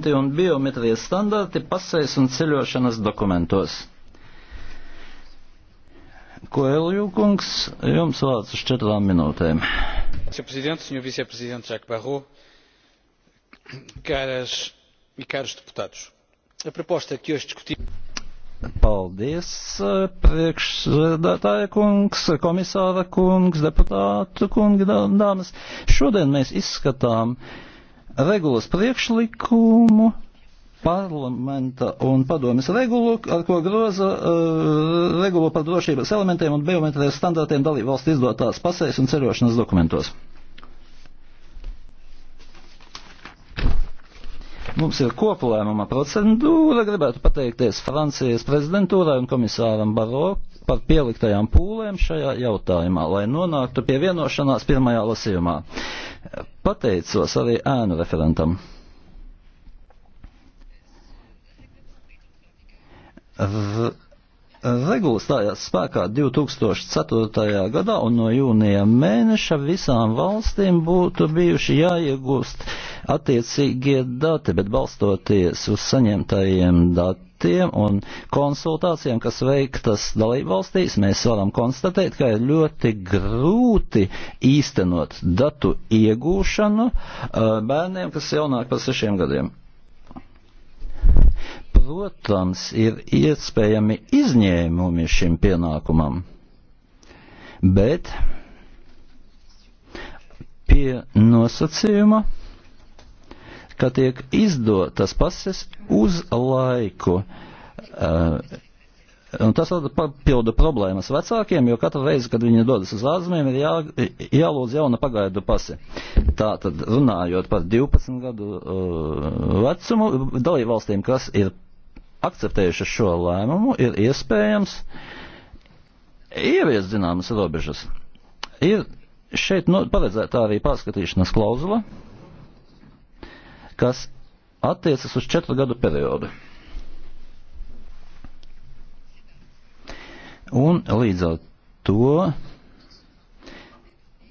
un biometrijas standarti pasēs un ceļošanas dokumentos. Koelju kungs, jums vārds uz četrām minūtēm. E Paldies, priekšsēdētāja kungs, komisāra kungs, deputātu kungi, dāmas. Šodien mēs izskatām uh, regulas priekšlikumu parlamenta un padomjas regulu, ar ko groza uh, regulu par drošības elementiem un biometrijas standartiem dalību valsts izdotās pasēs un ceļošanas dokumentos. Mums ir koplēmuma procedūra, gribētu pateikties Francijas prezidentūrai un komisāram Barok par pieliktajām pūlēm šajā jautājumā, lai nonāktu pie vienošanās pirmajā lasījumā. Pateicos arī ēnu referentam. R Regula stājās spēkā 2004. gadā, un no jūnija mēneša visām valstīm būtu bijuši jāiegūst attiecīgie dati, bet balstoties uz saņemtajiem datiem aktiem un konsultācijām, kas veiktas dalībvalstīs, mēs varam konstatēt, ka ir ļoti grūti īstenot datu iegūšanu uh, bērniem, kas jaunāk par sešiem gadiem. Protams, ir iespējami izņēmumi šim pienākumam, bet pie nosacījuma ka tiek izdotas pases uz laiku. Uh, Un tas papildu problēmas vecākiem, jo katru reizi, kad viņi dodas uz ārzemēm, ir jā, jālūdz jauna pagaidu pase. Tā tad runājot par 12 gadu uh, vecumu, dalību valstīm, kas ir akceptējušas šo lēmumu, ir iespējams ievies zināmas robežas. Ir šeit nu, paredzēta arī pārskatīšanas klauzula. Uh, kas attiecas uz četru gadu periodu. Un līdz ar to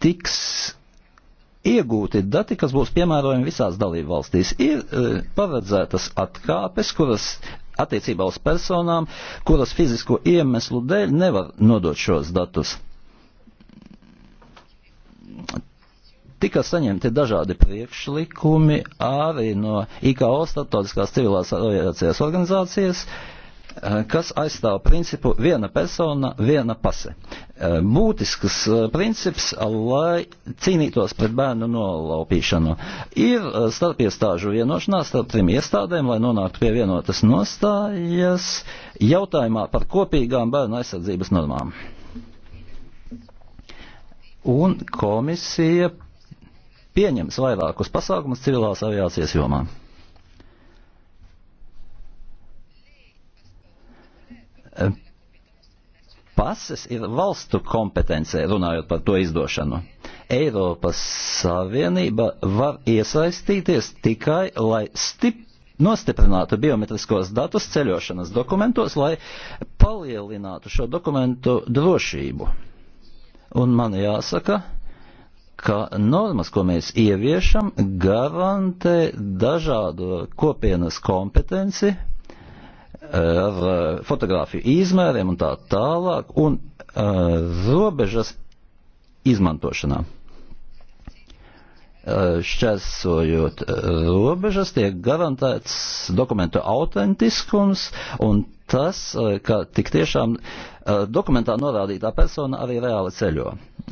tiks iegūti dati, kas būs piemērojami visās dalību valstīs. Ir e, paredzētas atkāpes, kuras attiecībā uz personām, kuras fizisko iemeslu dēļ nevar nodot šos datus. Tika saņemti dažādi priekšlikumi arī no IKO starptautiskās civilās aviācijas organizācijas eh, kas aizstāv principu viena persona, viena pase. Eh, Būtisks eh, princips, lai cīnītos pret bērnu nolaupīšanu. Ir starp iestāžu vienošanās starp trim iestādēm, lai nonāktu pie vienotas nostājas jautājumā par kopīgām bērnu aizsardzības normām. Un komisija pieņems vairākus pasākumus civilās aviācijas jomā. Pases ir valstu kompetencē, runājot par to izdošanu. Eiropas Savienība var iesaistīties tikai, lai stiprinātu nostiprinātu biometriskos datus ceļošanas dokumentos, lai palielinātu šo dokumentu drošību. Un man jāsaka, ka normas, ko mēs ieviešam, garantē dažādu kopienas kompetenci ar eh, fotografiju izmēriem un tā tālāk un eh, robežas izmantošanā šķērsojot robežas, tiek garantēts dokumentu autentiskums un tas, ka tik tiešām dokumentā norādītā persona arī reāli ceļo.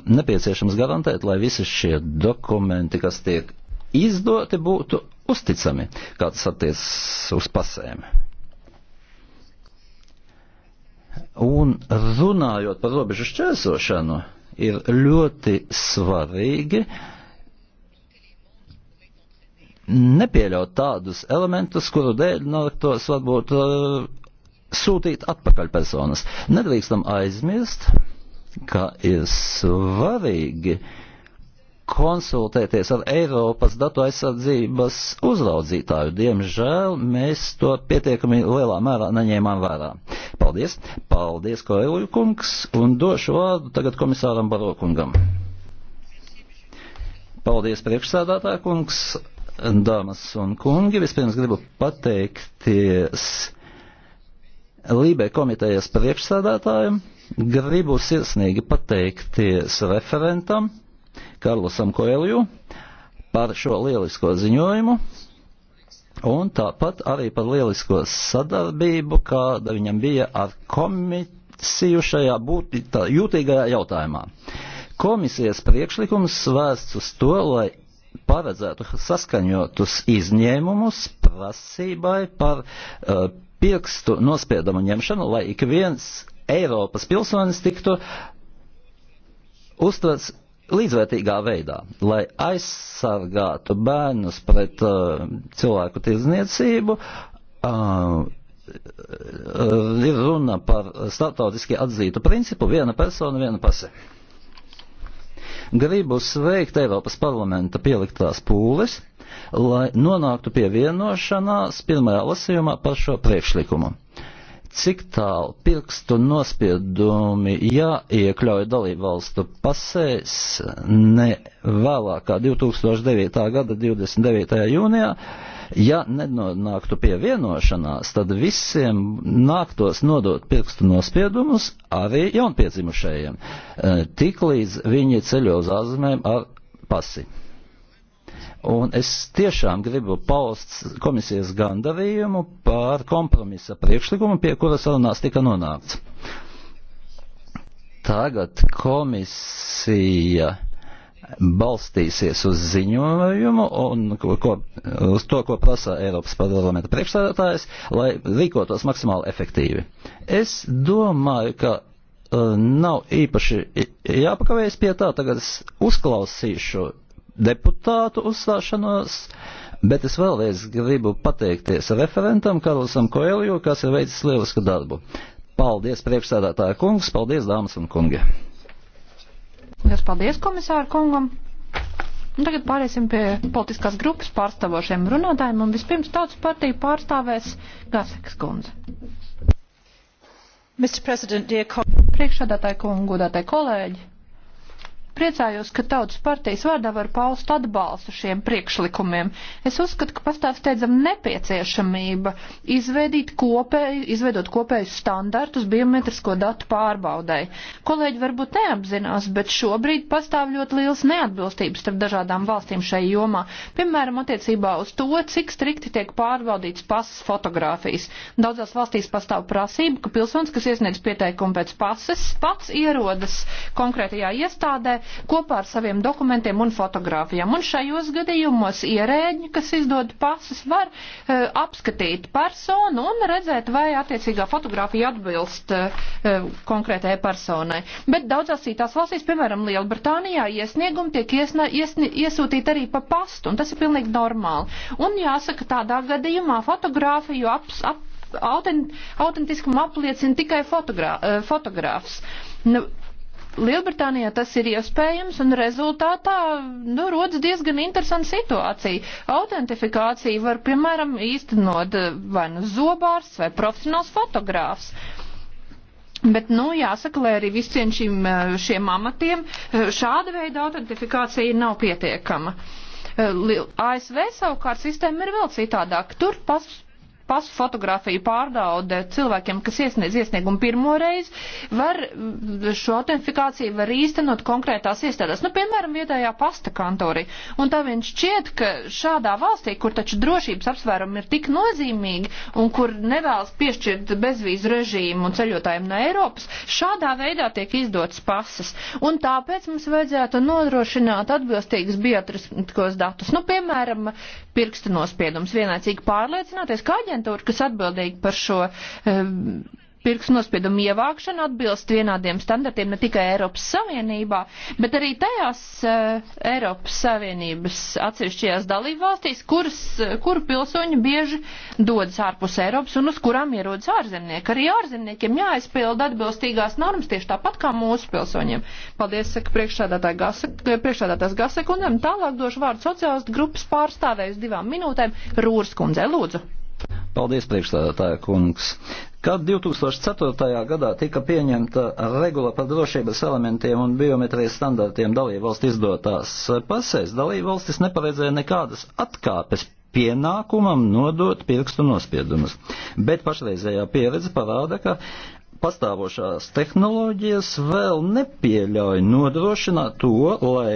Nepieciešams garantēt, lai visi šie dokumenti, kas tiek izdoti, būtu uzticami, kā tas attiec uz pasēm. Un runājot par robežu šķērsošanu, ir ļoti svarīgi uh, nepieļaut tādus elementus, kuru dēļ noliktos varbūt uh, eh, sūtīt atpakaļ personas. Nedrīkstam aizmirst, ka ir svarīgi konsultēties ar Eiropas datu aizsardzības uzraudzītāju. Diemžēl mēs to pietiekami lielā mērā neņēmām vērā. Paldies! Paldies, Koeluju kungs, un došu vārdu tagad komisāram Barokungam. Paldies, priekšsēdētāja kungs. Dāmas un kungi, vispirms gribu pateikties Lībe komitejas priekšsādātājiem, gribu sirsnīgi pateikties referentam Karlusam Koelju par šo lielisko ziņojumu un tāpat arī par lielisko sadarbību, kāda viņam bija ar komisiju šajā būtī, tā, jūtīgajā jautājumā. Komisijas priekšlikums vērsts uz to, lai paredzētu saskaņotus izņēmumus prasībai par uh, pirkstu nospiedumu ņemšanu, lai ik viens Eiropas pilsonis tiktu uztverts līdzvērtīgā veidā, lai aizsargātu bērnus pret uh, cilvēku tirdzniecību. Uh, e, ir runa par startautiski atzītu principu viena persona, viena pase. Gribu sveikt Eiropas parlamenta pieliktās pūles, lai nonāktu pie vienošanās pirmajā lasījumā par šo priekšlikumu cik tālu pirkstu nospiedumi jāiekļauj dalībvalstu pasēs ne vēlākā 2009. gada 29. jūnijā, Ja nenonāktu pie vienošanās, tad visiem nāktos nodot pirkstu nospiedumus arī jaunpiedzimušajiem, e, tik līdz viņi ceļo uz ārzemēm ar pasi. Un es tiešām gribu paust komisijas gandarījumu par kompromisa priekšlikumu, pie kura sarunās tika nonākts. Tagad komisija balstīsies uz ziņojumu un ko, ko, uz to, ko prasa Eiropas parlamenta priekšstādātājs, lai rīkotos maksimāli efektīvi. Es domāju, ka uh, nav īpaši jāpakavējas pie tā, tagad es uzklausīšu deputātu uzstāšanos, bet es vēlreiz gribu pateikties referentam Karlsam Koelju, kas ir veicis lielisku darbu. Paldies, priekšstādātāja kungs, paldies, dāmas un kungi! Liels paldies komisāru kungam. Un tagad pāriesim pie politiskās grupas pārstāvošiem runātājiem, un vispirms tautas partija pārstāvēs Gaseks kundze. Priekšādātāji kungi, godātāji kolēģi! Priecājos, ka tautas partijas vārdā var paust atbalstu šiem priekšlikumiem. Es uzskatu, ka pastāv steidzam nepieciešamība izveidīt kopēju, izveidot kopējus standartus biometrisko datu pārbaudai. Kolēģi varbūt neapzinās, bet šobrīd pastāv ļoti liels neatbilstības starp dažādām valstīm šai jomā. Piemēram, attiecībā uz to, cik strikti tiek pārbaudīts pasas fotogrāfijas. Daudzās valstīs pastāv prasība, ka pilsonis, kas iesniedz pieteikumu pēc pases, pats ierodas konkrētajā iestādē kopā ar saviem dokumentiem un fotogrāfijām. Un šajos gadījumos ierēģi, kas izdod pases, var uh, apskatīt personu un redzēt, vai attiecīgā fotogrāfija atbilst uh, konkrētajai personai. Bet daudzās citās valstīs, piemēram, Lielbritānijā, iesniegumi tiek iesna, iesni, iesūtīti arī pa pastu, un tas ir pilnīgi normāli. Un jāsaka, tādā gadījumā fotogrāfiju ap, ap, autent, autentiskumu apliecina tikai fotogrā, e, fotogrāfs. Nu, Lielbritānijā tas ir iespējams, un rezultātā nu, rodas diezgan interesanta situācija. Autentifikāciju var, piemēram, īstenot eh, vai nu zobārs vai profesionāls fotogrāfs. Bet, nu, jāsaka, lai arī visiem šim, eh, šiem amatiem eh, šāda veida autentifikācija nav pietiekama. ASV savukārt sistēma ir vēl citādāk. Tur pas, pasu fotografiju pārdaude cilvēkiem, kas iesniedz iesniegumu pirmo reizi, var šo autentifikāciju var īstenot konkrētās iestādās, nu, piemēram, vietējā pasta kantorī. Un tā viņš šķiet, ka šādā valstī, kur taču drošības apsvērumi ir tik nozīmīgi un kur nevēlas piešķirt bezvīzu režīmu un ceļotājiem no Eiropas, šādā veidā tiek izdotas pasas. Un tāpēc mums vajadzētu nodrošināt atbilstīgas biotriskos datus. Nu, piemēram, pirksta nospiedums vienlaicīgi pārliecināties, ka aģents aģentūra, kas atbildīga par šo um, pirkstu nospiedumu ievākšanu atbilst vienādiem standartiem ne tikai Eiropas Savienībā, bet arī tajās uh, Eiropas Savienības atsevišķajās dalībvalstīs, kuras, kuru pilsoņi bieži dodas ārpus Eiropas un uz kurām ierodas ārzemnieki. Arī ārzemniekiem jāizpilda atbilstīgās normas tieši tāpat kā mūsu pilsoņiem. Paldies, saka priekšsādātājs Gasek, un tālāk došu vārdu sociālistu grupas pārstāvēju uz divām minūtēm Rūras kundzei. Lūdzu! Paldies, priekšstādātāja kungs. Kad 2004. gadā tika pieņemta regula par drošības elementiem un biometrijas standartiem dalībvalstu izdotās pasēs, dalībvalstis neparedzēja nekādas atkāpes pienākumam nodot pirkstu nospiedumus. Bet pašreizējā pieredze parāda, ka pastāvošās tehnoloģijas vēl nepieļauj nodrošināt to, lai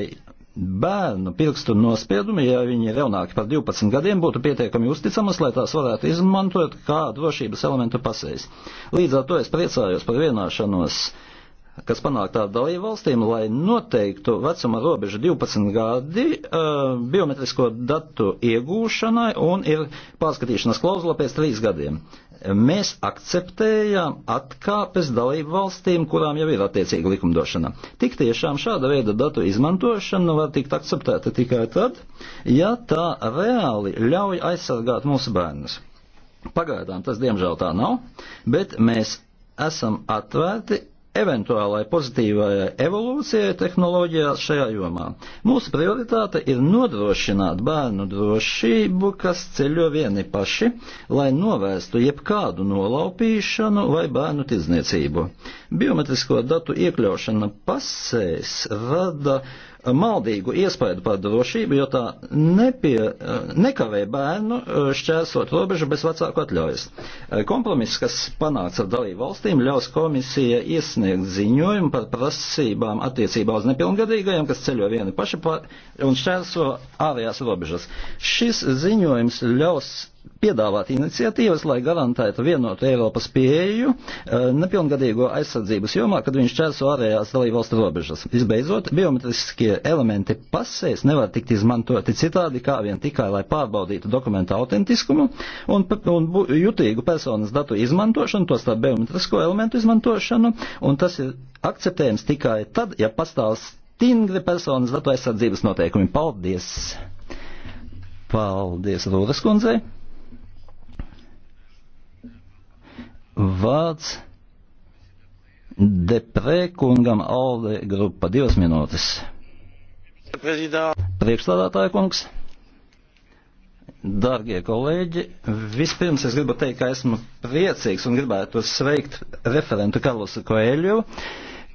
bērnu pirkstu nospiedumi, ja viņi ir jaunāki par 12 gadiem, būtu pietiekami uzticamas, lai tās varētu izmantot kā drošības elementu pasēs. Līdz ar to es priecājos par vienāšanos, kas panāktā dalību valstīm, lai noteiktu vecuma robežu 12 gadi uh, biometrisko datu iegūšanai un ir pārskatīšanas klauzula pēc 3 gadiem mēs akceptējām atkāpes dalību valstīm, kurām jau ir attiecīga likumdošana. Tik tiešām šāda veida datu izmantošana var tikt akceptēta tikai tad, ja tā reāli ļauj aizsargāt mūsu bērnus. Pagaidām tas diemžēl tā nav, bet mēs esam atvērti eventuālai pozitīvai evolūcijai tehnoloģijās šajā jomā. Mūsu prioritāte ir nodrošināt bērnu drošību, kas ceļo vieni paši, lai novērstu jebkādu nolaupīšanu vai bērnu tirdzniecību. Biometrisko datu iekļaušana pasēs rada maldīgu iespēju par drošību, jo tā nepie, eh, nekavē bērnu eh, šķērsot robežu bez vecāku atļaujas. Eh, kompromiss, kas panāks ar dalību valstīm, ļaus komisija iesniegt ziņojumu par prasībām attiecībā uz nepilngadīgajiem, kas ceļo vieni paši un šķērso ārējās robežas. Šis ziņojums ļaus piedāvāt iniciatīvas, lai garantētu vienotu Eiropas pieeju e, nepilngadīgo aizsardzības jomā, kad viņš čērso ārējās dalībvalstu robežas. Visbeidzot, biometriskie elementi pasēs nevar tikt izmantoti citādi, kā vien tikai, lai pārbaudītu dokumentu autentiskumu un, un jutīgu personas datu izmantošanu, tos tā biometrisko elementu izmantošanu, un tas ir akceptējams tikai tad, ja pastāv stingri personas datu aizsardzības noteikumi. Paldies! Paldies Rūdas kundzei! Vārds Deprē kungam Alde grupa divas minūtes. Priekšstādātāja kungs, dārgie kolēģi, vispirms es gribu teikt, ka esmu priecīgs un gribētu sveikt referentu Karlosu Koeļu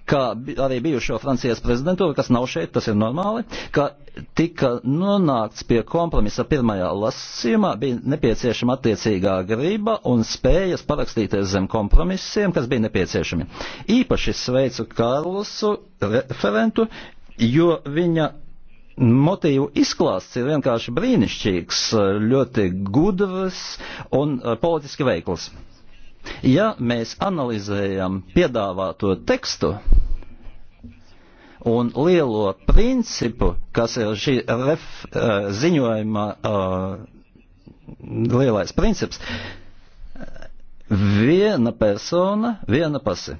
ka arī bijušo Francijas prezidentūru, kas nav šeit, tas ir normāli, ka tika nonākts pie kompromisa pirmajā lasījumā, bija nepieciešama attiecīgā grība un spējas parakstīties zem kompromisiem, kas bija nepieciešami. Īpaši sveicu Karlusu referentu, jo viņa motīvu izklāsts ir vienkārši brīnišķīgs, ļoti gudrs un eh, politiski veikls. Ja mēs analizējam piedāvāto tekstu un lielo principu, kas ir šī ref, eh, ziņojuma uh, lielais princips, viena persona, viena pasi.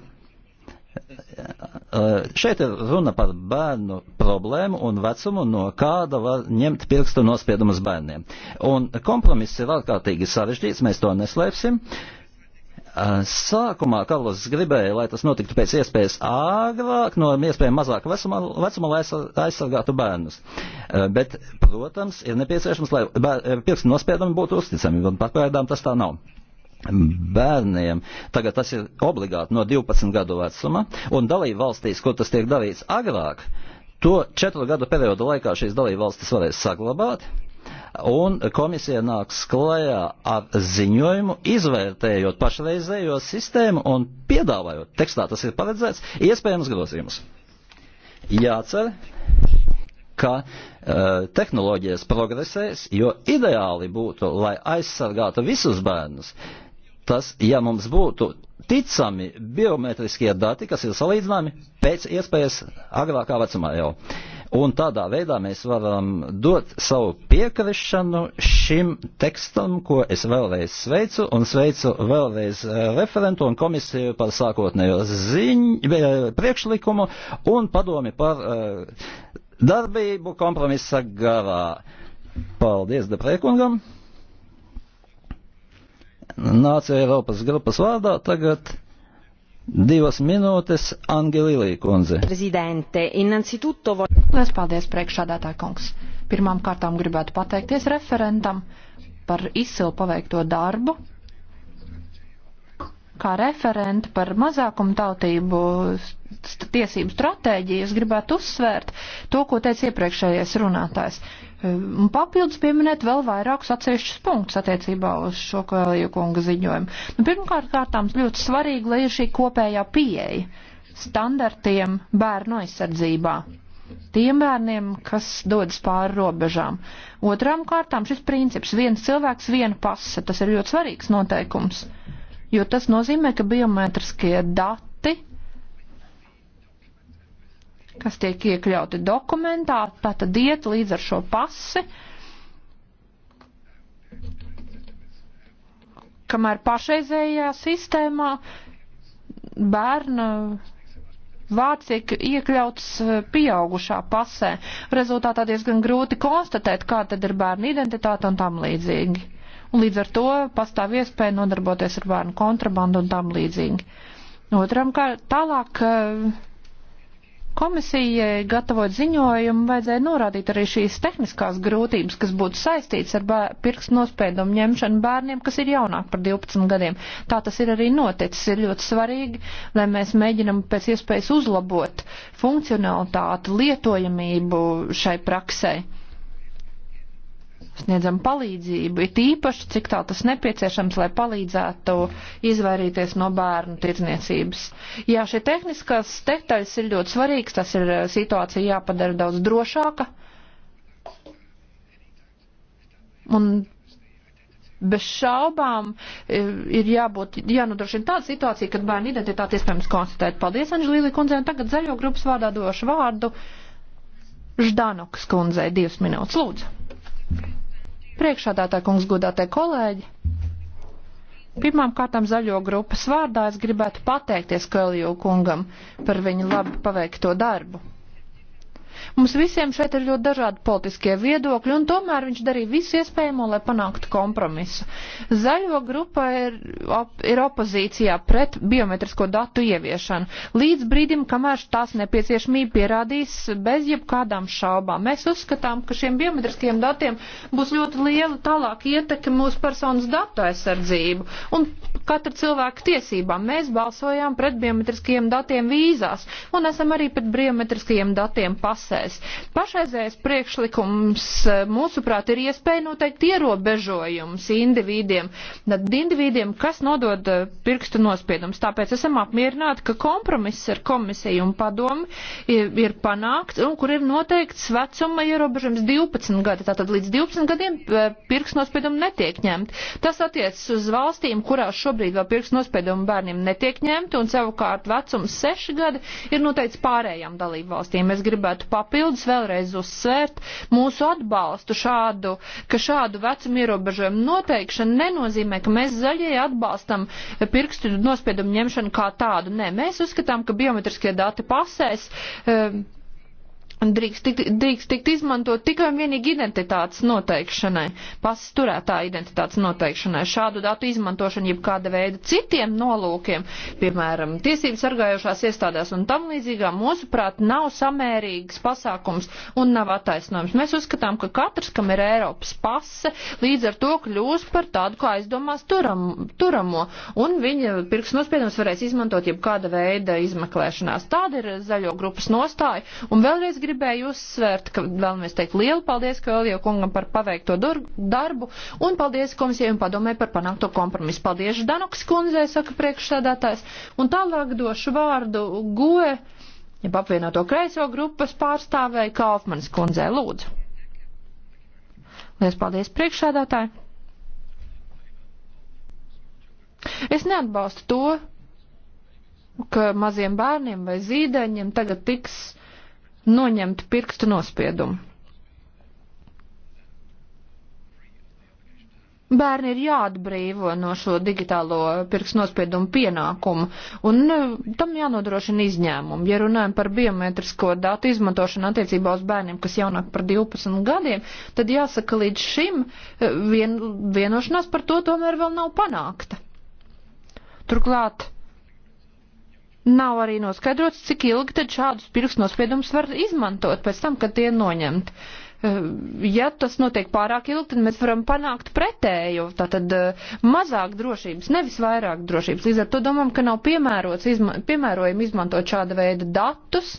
Uh, šeit ir runa par bērnu problēmu un vecumu, no kāda var ņemt pirkstu nospiedumus bērniem. Un kompromiss ir ārkārtīgi sarežģīts, mēs to neslēpsim. Uh, Eh, sākumā Karlos gribēja, lai tas notiktu pēc iespējas āgrāk, no iespējām mazāka vecuma, vecuma, lai aizsargātu bērnus. Eh, bet, protams, ir nepieciešams, lai eh, pirkstu nospiedumi būtu uzticami, un pagaidām tas tā nav bērniem. Tagad tas ir obligāti no 12 gadu vecuma, un dalību valstīs, kur tas tiek darīts agrāk, to četru gadu periodu laikā šīs dalību valstis varēs saglabāt, un komisija nāks klajā ar ziņojumu, izvērtējot pašreizējo sistēmu un piedāvājot, tekstā tas ir paredzēts, iespējams grozījumus. Jācer, ka uh, tehnoloģijas progresēs, jo ideāli būtu, lai aizsargātu visus bērnus. Tas, ja mums būtu ticami biometriskie dati, kas ir salīdzināmi pēc iespējas agrākā vecumā jau. Uh, Un tādā veidā mēs varam dot savu piekrišanu šim tekstam, ko es vēlreiz sveicu un sveicu vēlreiz eh, referentu un komisiju par sākotnējo ziņu, eh, priekšlikumu un padomi par uh, darbību kompromisa garā. Paldies Deprēkungam! Nācija Eiropas grupas vārdā tagad. Divas minūtes, Angelīlī kundze. Prezidente, innanzitutto... Lielas paldies, priekšādātā kungs. Pirmām kārtām gribētu pateikties referentam par izsilu paveikto darbu, kā referenta par mazākumu tautību st tiesību stratēģiju, es gribētu uzsvērt to, ko teica iepriekšējais runātājs. Ehm, un papildus pieminēt vēl vairākus atsevišķus punktus attiecībā uz šo Koeliju kunga ziņojumu. Nu, pirmkārt, kārtāms ļoti svarīgi, lai ir šī kopējā pieeja standartiem bērnu aizsardzībā. Tiem bērniem, kas dodas pāri robežām. Otrām kārtām šis princips viens cilvēks, viena pasa, tas ir ļoti svarīgs noteikums, jo tas nozīmē, ka biometriskie dati kas tiek iekļauti dokumentā, tā tad iet līdz ar šo pasi. Kamēr pašreizējā sistēmā bērna vārds tiek iekļauts eh, pieaugušā pasē. Rezultātā diezgan grūti konstatēt, kā tad ir bērna identitāte un tam līdzīgi. Un līdz ar to pastāv iespēja nodarboties ar bērnu kontrabandu un tam līdzīgi. Otram kā tālāk eh, Komisijai gatavot ziņojumu vajadzēja norādīt arī šīs tehniskās grūtības, kas būtu saistīts ar pirkstu nospēdumu ņemšanu bērniem, kas ir jaunāk par 12 gadiem. Tā tas ir arī noticis. Ir ļoti svarīgi, lai mēs mēģinam pēc iespējas uzlabot funkcionalitāti, lietojamību šai praksē sniedzam palīdzību, it īpaši, cik tā tas nepieciešams, lai palīdzētu izvairīties no bērnu tirdzniecības. Jā, šie tehniskās detaļas ir ļoti svarīgs, tas ir eh, situācija jāpadara daudz drošāka. Un bez šaubām eh, ir jābūt, jānodrošina tāda situācija, kad bērnu identitāti iespējams konstatēt. Paldies, Anželīli kundze, un tagad zaļo grupas vārdā došu vārdu Ždanoks kundzei divas minūtes. Lūdzu. Priekšādātāja kungs, godātie kolēģi! Pirmām kārtām zaļo grupas vārdā es gribētu pateikties Kalju kungam par viņa labi paveikto darbu. Mums visiem šeit ir ļoti dažādi politiskie viedokļi, un tomēr viņš darīja visu iespējamo, lai panāktu kompromisu. Zaļo grupa ir, op ir opozīcijā pret biometrisko datu ieviešanu, līdz brīdim, kamēr tās nepieciešamība pierādīs bez jebkādām šaubām. Mēs uzskatām, ka šiem biometriskiem datiem būs ļoti liela tālāk ietekme mūsu personas datu aizsardzību un katra cilvēka tiesībām. Mēs balsojām pret biometriskajiem datiem vīzās un esam arī pret biometriskajiem datiem pasā klasēs. Pašreizējais priekšlikums, e, mūsuprāt, ir iespēja noteikt ierobežojums individiem, tad individiem, kas nodod e, pirkstu nospiedumus. Tāpēc esam apmierināti, ka kompromiss ar komisiju un padomu ir panākts un kur ir noteikts vecuma ierobežojums 12 gadi. Tātad līdz 12 gadiem e, pirkstu nospiedumu netiek ņemt. Tas attiecas uz valstīm, kurās šobrīd vēl pirkstu nospiedumu bērniem netiek ņemti un savukārt vecums 6 gadi ir noteikts pārējām dalību valstīm. Es gribētu papildus vēlreiz uzsvērt mūsu atbalstu šādu, ka šādu vecumu ierobežojumu noteikšana nenozīmē, ka mēs zaļie atbalstam pirkstu nospiedumu ņemšanu kā tādu. Nē, mēs uzskatām, ka biometriskie dati pasēs. Uh, drīkst tikt, drīkst tikt izmantot tikai un vienīgi identitātes noteikšanai, pasturētā identitātes noteikšanai. Šādu datu izmantošana jeb kāda veida citiem nolūkiem, piemēram, tiesības sargājošās iestādēs un tam līdzīgā, mūsuprāt, nav samērīgs pasākums un nav attaisnojums. Mēs uzskatām, ka katrs, kam ir Eiropas pase, līdz ar to kļūs par tādu, kā aizdomās turam, turamo, un viņa pirksnospiedums varēs izmantot jeb kāda veida izmeklēšanās. Tāda ir zaļo grupas nostāja. Un vēlreiz gribēju uzsvērt, ka vēlamies teikt lielu paldies Koelio kungam par paveikto darbu un paldies komisijai un padomē par panākto kompromisu. Paldies Danuks kundzei, saka priekšsēdētājs. Un tālāk došu vārdu Goe, ja apvienoto kreiso grupas pārstāvēja Kaufmanis kundzei. Lūdzu. Lies paldies priekšsēdētāji. Es neatbalstu to, ka maziem bērniem vai zīdeņiem tagad tiks noņemt pirkstu nospiedumu. Bērni ir jāatbrīvo no šo digitālo pirksnospiedumu pienākumu, un e, tam jānodrošina izņēmumu. Ja runājam par biometrisko datu izmantošanu attiecībā uz bērniem, kas jaunāk par 12 gadiem, tad jāsaka, līdz šim e, vien, vienošanās par to tomēr vēl nav panākta. Turklāt Nav arī noskaidrots, cik ilgi tad šādus pirkstnospiedumus var izmantot pēc tam, kad tie ir noņemti. Eh, ja tas notiek pārāk ilgi, tad mēs varam panākt pretēju, tātad eh, mazāk drošības, nevis vairāk drošības. Līdz ar to domām, ka nav piemērots, izma piemērojami izmantot šāda veida datus,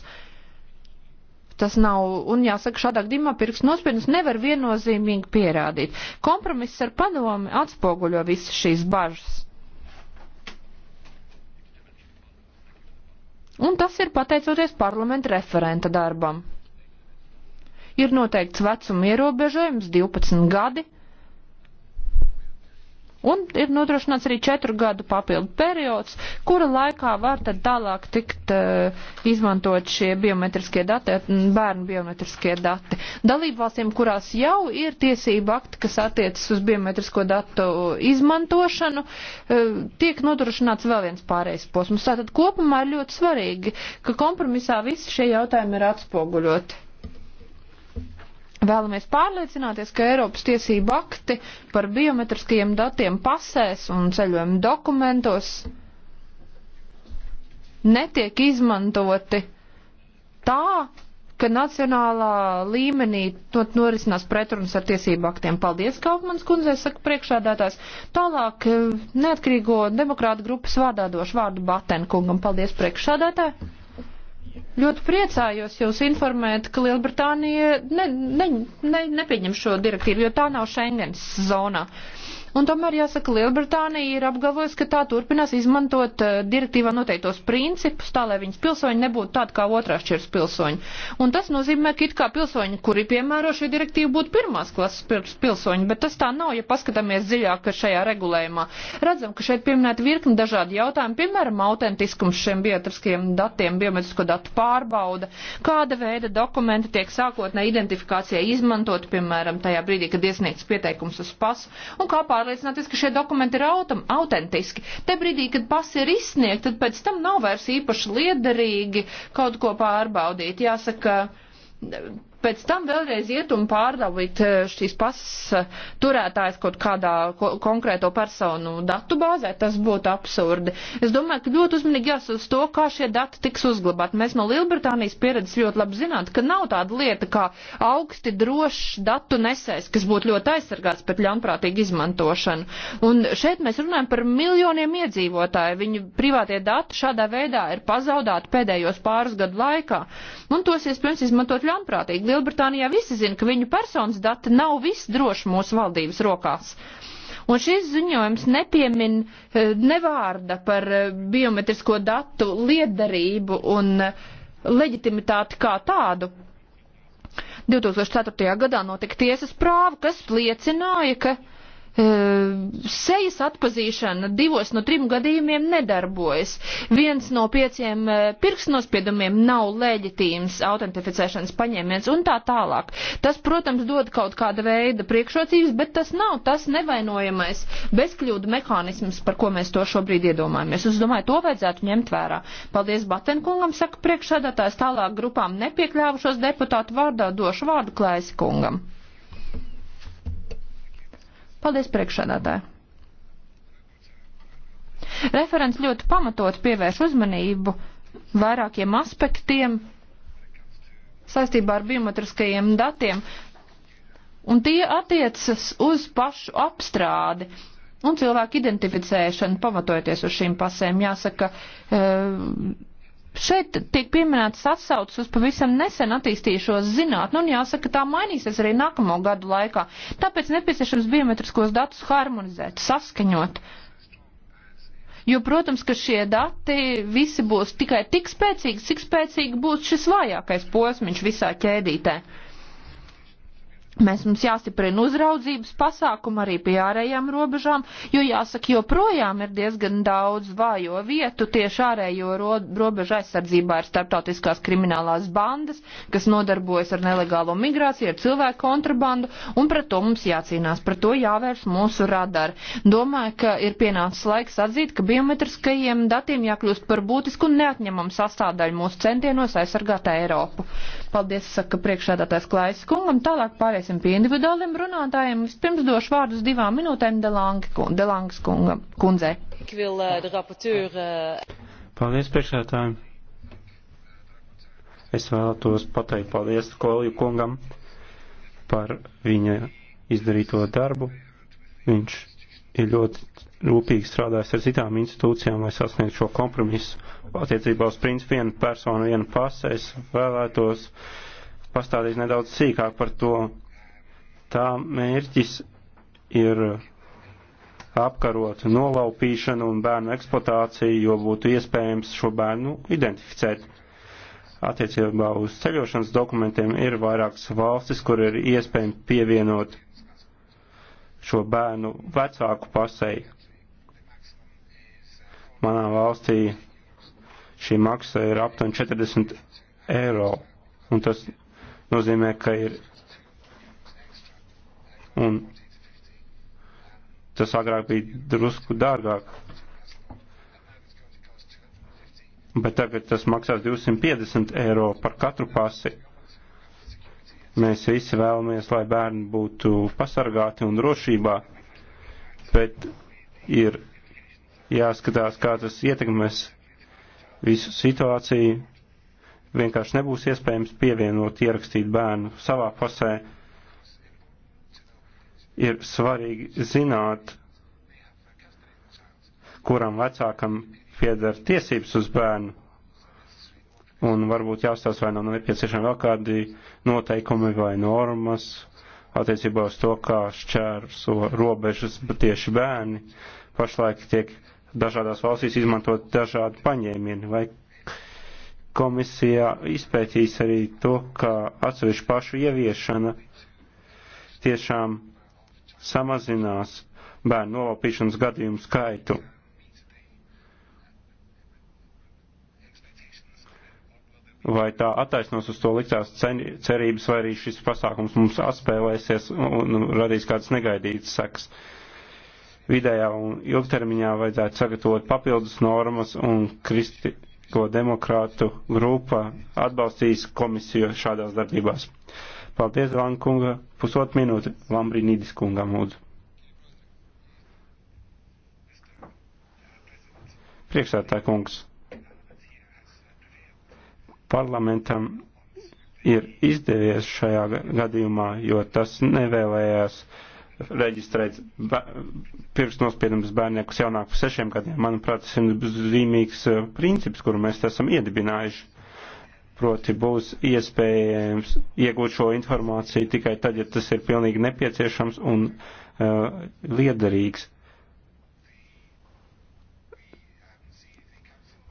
tas nav, un jāsaka, šādā gadījumā pirks nospiedums nevar viennozīmīgi pierādīt. Kompromiss ar padomi atspoguļo visas šīs bažas. Un tas ir pateicoties parlamenta referenta darbam. Ir noteikts vecuma ierobežojums 12 gadi Un ir nodrošināts arī četru gadu papildu periods, kura laikā var tad tālāk tikt uh, izmantot šie biometriskie dati, mm, bērnu biometriskie dati. Dalību valstīm, kurās jau ir tiesība akti, kas attiecas uz biometrisko datu izmantošanu, uh, tiek nodrošināts vēl viens pārējais posms. Tātad kopumā ir ļoti svarīgi, ka kompromisā visi šie jautājumi ir atspoguļoti. Vēlamies pārliecināties, ka Eiropas tiesība akti par biometriskajiem datiem pasēs un ceļojuma dokumentos netiek izmantoti tā, ka nacionālā līmenī not norisinās pretrunas ar tiesību aktiem. Paldies, Kaupmans kundzei, saka priekšādātājs. Tālāk eh, neatkarīgo demokrātu grupas vārdā došu vārdu Batenkungam. Paldies, priekšādātāji! Ļoti priecājos jūs informēt, ka Lielbritānija ne, ne, ne, nepieņem šo direktīvu, jo tā nav Schengens zonā. Uh, Un tomēr jāsaka, Lielbritānija ir apgalvojusi, ka tā turpinās izmantot eh, direktīvā noteiktos principus, tā lai viņas pilsoņi nebūtu tādi kā otrās šķirs pilsoņi. Un tas nozīmē, ka it kā pilsoņi, kuri piemēro šī direktīva, būtu pirmās klases pilsoņi, bet tas tā nav, ja paskatāmies dziļāk šajā regulējumā. Redzam, ka šeit pieminēta virkni dažādi jautājumi, piemēram, autentiskums šiem biometriskiem datiem, biometrisko datu pārbauda, kāda veida dokumenti tiek sākotnē identifikācijai izmantot, piemēram, tajā brīdī, kad iesniegts pieteikums uz pasu, un kā pār pārliecināties, ka šie dokumenti ir autom, autentiski. Te brīdī, kad pasi ir izsniegt, tad pēc tam nav vairs īpaši liederīgi kaut ko pārbaudīt. Jāsaka, pēc tam vēlreiz iet un pārdalīt eh, šīs pasas eh, turētājs kaut kādā ko, konkrēto personu datu bāzē, tas būtu absurdi. Es domāju, ka ļoti uzmanīgi jāsūs to, kā šie dati tiks uzglabāti. Mēs no Lielbritānijas pieredzes ļoti labi zinām, ka nav tāda lieta kā augsti drošs datu nesējs, kas būtu ļoti aizsargāts pret ļaunprātīgu izmantošanu. Un šeit mēs runājam par miljoniem iedzīvotāju. Viņu privātie dati šādā veidā ir pazaudāti pēdējos pāris gadu laikā. Un tos iespējams izmantot ļaunprātīgi Lielbritānijā visi zina, ka viņu personas dati nav viss droši mūsu valdības rokās. Un šis ziņojums nepiemin eh, nevārda par eh, biometrisko datu liederību un eh, leģitimitāti kā tādu. 2004. gadā notika tiesas prāva, kas liecināja, ka E, sejas atpazīšana divos no trim gadījumiem nedarbojas. Viens no pieciem e, pirksnospiedumiem nav leģitīms autentificēšanas paņēmiens un tā tālāk. Tas, protams, dod kaut kāda veida priekšrocības, bet tas nav tas nevainojamais bezkļūdu mehānisms, par ko mēs to šobrīd iedomājamies. Es domāju, to vajadzētu ņemt vērā. Paldies Batenkungam, saka priekšsēdētājs tālāk grupām nepiekļāvušos deputātu vārdā došu vārdu Klēsi kungam. Paldies, priekšsēdētāji! Referents ļoti pamatot pievērš uzmanību vairākiem aspektiem saistībā ar biometriskajiem datiem, un tie attiecas uz pašu apstrādi un cilvēku identificēšanu, pamatojoties uz šīm pasēm. Jāsaka, uh, Šeit tiek pieminētas atsaucas uz pavisam nesen attīstījušos zinātni, un jāsaka, tā mainīsies arī nākamo gadu laikā. Tāpēc nepieciešams biometriskos datus harmonizēt, saskaņot. Jo, protams, ka šie dati visi būs tikai tik spēcīgi, cik spēcīgi būs šis vājākais posmiņš visā ķēdītē. Mēs mums jāstiprina uzraudzības pasākumu arī pie ārējām robežām, jo jāsaka, joprojām ir diezgan daudz vājo vietu tieši ārējo robežu aizsardzībā ir starptautiskās kriminālās bandas, kas nodarbojas ar nelegālo migrāciju, ar cilvēku kontrabandu, un pret to mums jācīnās, pret to jāvērš mūsu radar. Domāju, ka ir pienācis laiks atzīt, ka biometriskajiem datiem jākļūst par būtisku un neatņemamu sastāvdaļu mūsu centienos aizsargāt Eiropu. Paldies, saka priekšādātājs Klais kungam. Tālāk pāriesim pie individuāliem runātājiem. Vispirms došu vārdus divām minūtēm Delangas kungam, kundzei. Eh, eh, paldies, priekšādātājiem. Es vēlētos pateikt paldies Kolju kungam par viņa izdarīto darbu. Viņš ir ļoti rūpīgi strādājis ar citām institūcijām, lai sasniegtu šo kompromisu attiecībā uz principu vienu personu, vienu pase, es vēlētos pastādīt nedaudz sīkāk par to. Tā mērķis ir apkarot nolaupīšanu un bērnu eksploatāciju, jo būtu iespējams šo bērnu identificēt. Attiecībā uz ceļošanas dokumentiem ir vairākas valstis, kur ir iespējams pievienot šo bērnu vecāku pasēju. Manā valstī šī maksa ir aptuveni 40 eiro. Un tas nozīmē, ka ir. Un tas agrāk bija drusku dārgāk. Bet tagad tas maksās 250 eiro par katru pasi. Mēs visi vēlamies, lai bērni būtu pasargāti un drošībā, bet ir jāskatās, kā tas ietekmēs visu situāciju. Vienkārši nebūs iespējams pievienot, ierakstīt bērnu savā pasē. Ir svarīgi zināt, kuram vecākam pieder tiesības uz bērnu, un varbūt jāstāsta, vai nav nepieciešami vēl kādi noteikumi vai normas attiecībā uz to, kā šķērso robežas tieši bērni. Pašlaik tiek dažādās valstīs izmantot dažādu paņēmienu, vai komisijā izpētīs arī to, ka atsevišķu pašu ieviešana tiešām samazinās bērnu novalpīšanas gadījumu skaitu. Vai tā attaisnos uz to liktās cerības, vai arī šis pasākums mums atspēlēsies un radīs kādas negaidītas sekas. Uh, Vidējā un ilgtermiņā vajadzētu sagatavot papildus normas un kristisko demokrātu grupa atbalstīs komisiju šādās darbībās. Paldies, Lankunga. Pusot minūte Lambrinīdis kungam lūdzu. Priekšsētā kungs. Parlamentam ir izdevies šajā gadījumā, jo tas nevēlējās uh, reģistrēt pirkstnospiedumus bērniekus jaunāk par sešiem gadiem. Manuprāt, tas ir zīmīgs eh, princips, kuru mēs esam iedibinājuši. Proti būs iespējams iegūt šo informāciju tikai tad, ja tas ir pilnīgi nepieciešams un uh, liederīgs.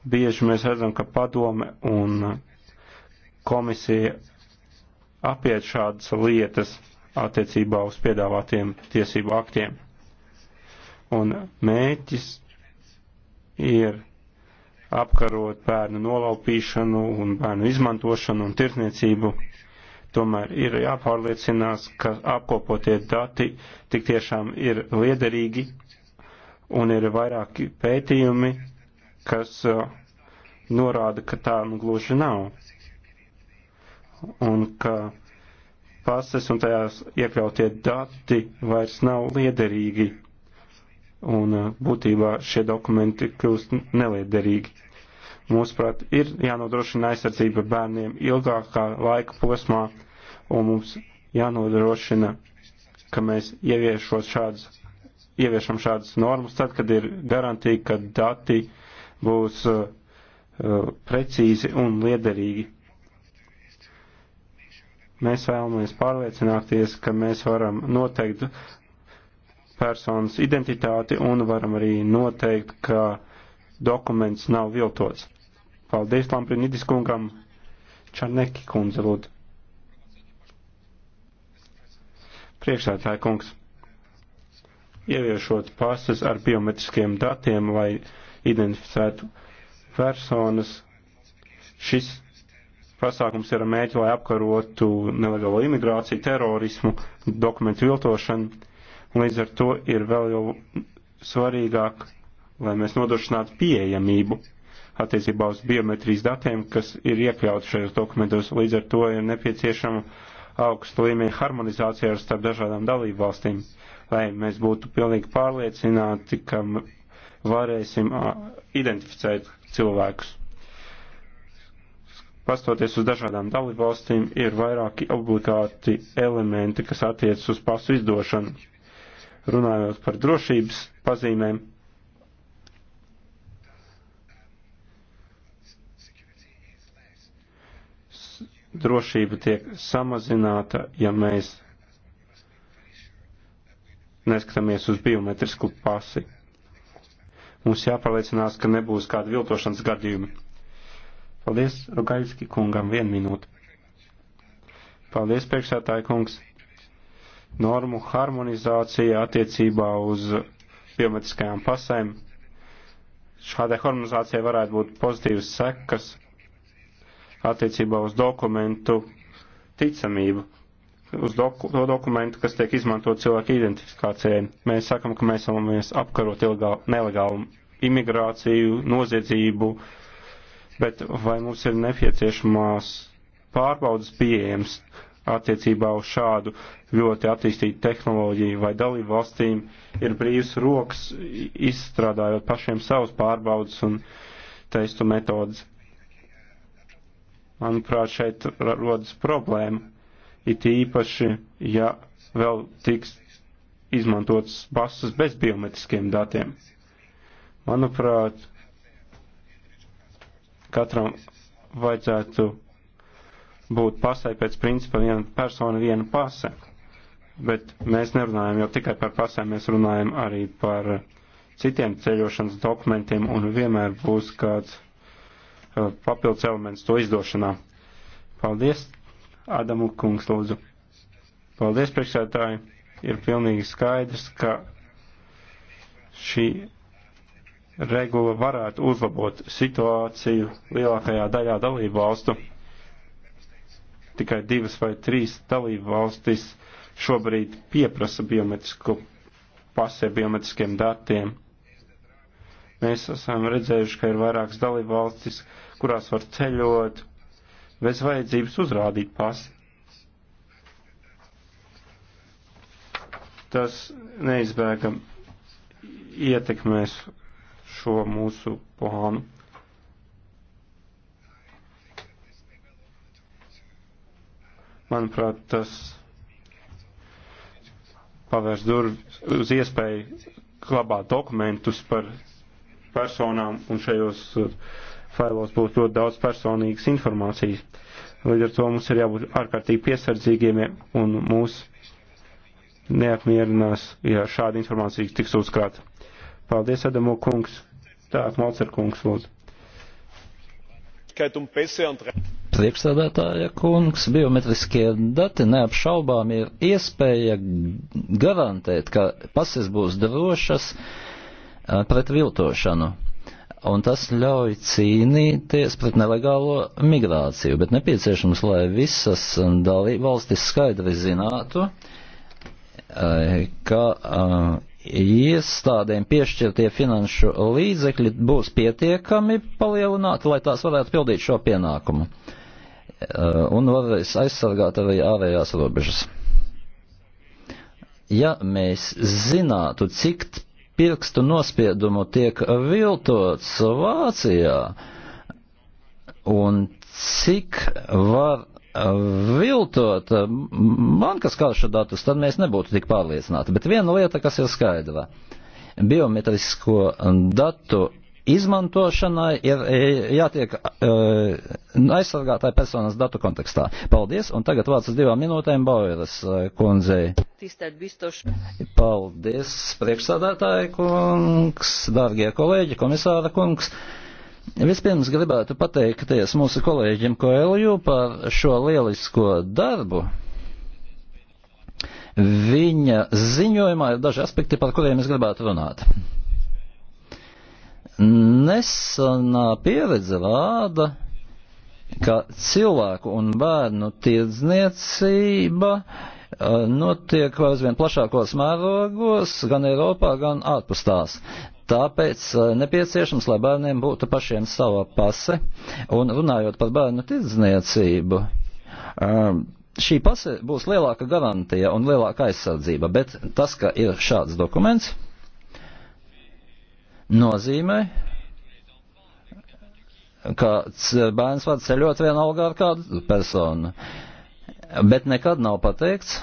Bieži mēs redzam, ka padome un eh, komisija apiet šādas lietas attiecībā uz piedāvātiem tiesību aktiem. Un mēķis ir apkarot bērnu nolaupīšanu un bērnu izmantošanu un tirzniecību. Tomēr ir jāpārliecinās, ka apkopotie dati tik tiešām ir liederīgi un ir vairāki pētījumi, kas uh, norāda, ka tā nu gluži nav. Un ka pases un tajās iekļautie dati vairs nav liederīgi, un uh, būtībā šie dokumenti kļūst neliederīgi. Mūsuprāt, ir jānodrošina aizsardzība bērniem ilgākā laika posmā, un mums jānodrošina, ka mēs ieviešos šādas, ieviešam šādas normas tad, kad ir garantīja, ka dati būs uh, uh precīzi un liederīgi. Mēs vēlamies pārliecināties, ka mēs varam noteikt personas identitāti un varam arī noteikt, ka dokuments nav viltots. Paldies Lamprinidis kungam, Čarneki kundze lūdzu. Priekšsētāja kungs, ieviešot pasas ar biometriskiem datiem, lai identificētu personas, šis pasākums ir mēģi, lai apkarotu nelegālo imigrāciju, terorismu, dokumentu viltošanu. Līdz ar to ir vēl jau svarīgāk, lai mēs nodrošinātu pieejamību attiecībā uz biometrijas datiem, kas ir iekļauti šajos dokumentos. Līdz ar to ir nepieciešama augsta līmeņa harmonizācija ar starp dažādām dalību valstīm, lai mēs būtu pilnīgi pārliecināti, ka varēsim identificēt cilvēkus. Pastoties uz dažādām dalībvalstīm, ir vairāki obligāti elementi, kas attiecas uz pasu izdošanu. Runājot par drošības pazīmēm, drošība tiek samazināta, ja mēs neskatāmies uz biometrisku pasi. Mums jāpārliecinās, ka nebūs kāda viltošanas gadījuma. Paldies Rogaļski kungam vienu minūti. Paldies priekšsētāji kungs. Normu harmonizācija attiecībā uz biometriskajām pasēm. Šādai harmonizācijai varētu būt pozitīvas sekas attiecībā uz dokumentu ticamību uz doku, to dokumentu, kas tiek izmantot cilvēku identifikācijai. Mēs sakam, ka mēs vēlamies apkarot ilgā, nelegālu imigrāciju, noziedzību, bet vai mums ir nepieciešamās pārbaudas pieejams attiecībā uz šādu ļoti attīstītu tehnoloģiju, vai dalību valstīm ir brīvs rokas izstrādājot pašiem savus pārbaudas un teistu metodas. Manuprāt, šeit rodas problēma, it īpaši, ja vēl tiks izmantotas basas bez biometriskiem datiem. Manuprāt, katram vajadzētu būt pasai pēc principa viena persona, viena pase. Bet mēs nerunājam jau tikai par pasēm, mēs runājam arī par citiem ceļošanas dokumentiem un vienmēr būs kāds uh, papildus elements to izdošanā. Paldies, Adamu kungs, lūdzu. Paldies, priekšsētāji. Ir pilnīgi skaidrs, ka šī regula varētu uzlabot situāciju lielākajā daļā dalību valstu. Tikai divas vai trīs dalību valstis šobrīd pieprasa biometrisku pasē biometriskiem datiem. Mēs esam redzējuši, ka ir vairākas dalību valstis, kurās var ceļot bez vajadzības uzrādīt pasi. Tas neizbēgam ietekmēs šo mūsu plānu. Manuprāt, tas pavērs durvis uz iespēju glabāt dokumentus par personām, un šajos uh, failos būs ļoti daudz personīgas informācijas. Līdz ar to mums ir jābūt ārkārtīgi piesardzīgiem, un mūs neapmierinās, ja šāda informācija tiks uzkrāta. Paldies, Adamo kungs! Tālāk Malcerkungs lūdzu. Priekšsēdētāja kungs, biometriskie dati neapšaubām ir iespēja garantēt, ka pases būs drošas pret viltošanu. Un tas ļauj cīnīties pret nelegālo migrāciju, bet nepieciešams, lai visas dalībvalstis skaidri zinātu, ka iestādēm piešķirtie finanšu līdzekļi būs pietiekami palielināti, lai tās varētu pildīt šo pienākumu eh, un varēs aizsargāt arī ārējās robežas. Ja mēs zinātu, cik pirkstu nospiedumu tiek viltots Vācijā un cik var viltot bankas eh, karšu datus, tad mēs nebūtu tik pārliecināti. Bet viena lieta, kas ir skaidra, biometrisko datu izmantošanai ir eh, jātiek uh, eh, aizsargātāja personas datu kontekstā. Paldies, un tagad vārds uz divām minūtēm Baueras uh, kundzei. Paldies, priekšsādātāja kungs, dārgie kolēģi, komisāra kungs. Uh, Vispirms gribētu pateikties mūsu kolēģim Koeliju par šo lielisko darbu. Viņa ziņojumā ir daži aspekti, par kuriem es gribētu runāt. Nesanā pieredze rāda, ka cilvēku un bērnu tirdzniecība eh, notiek aizvien plašākos mērogos, gan Eiropā, gan ārpus tās. Tāpēc eh, nepieciešams, lai bērniem būtu pašiem sava pase. Un runājot par bērnu tirdzniecību, eh, šī pase būs lielāka garantija un lielāka aizsardzība. Bet tas, ka ir šāds dokuments, nozīmē, ka bērns var ceļot vienalga ar kādu personu. Bet nekad nav pateikts,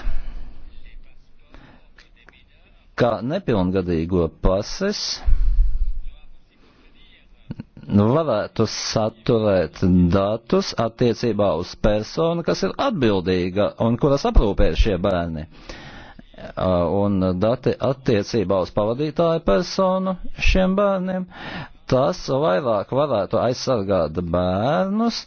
ka nepilngadīgo pases Nu, varētu saturēt datus attiecībā uz personu, kas ir atbildīga un kuras aprūpē šie bērni. Un dati attiecībā uz pavadītāju personu šiem bērniem, tas vairāk varētu aizsargāt bērnus.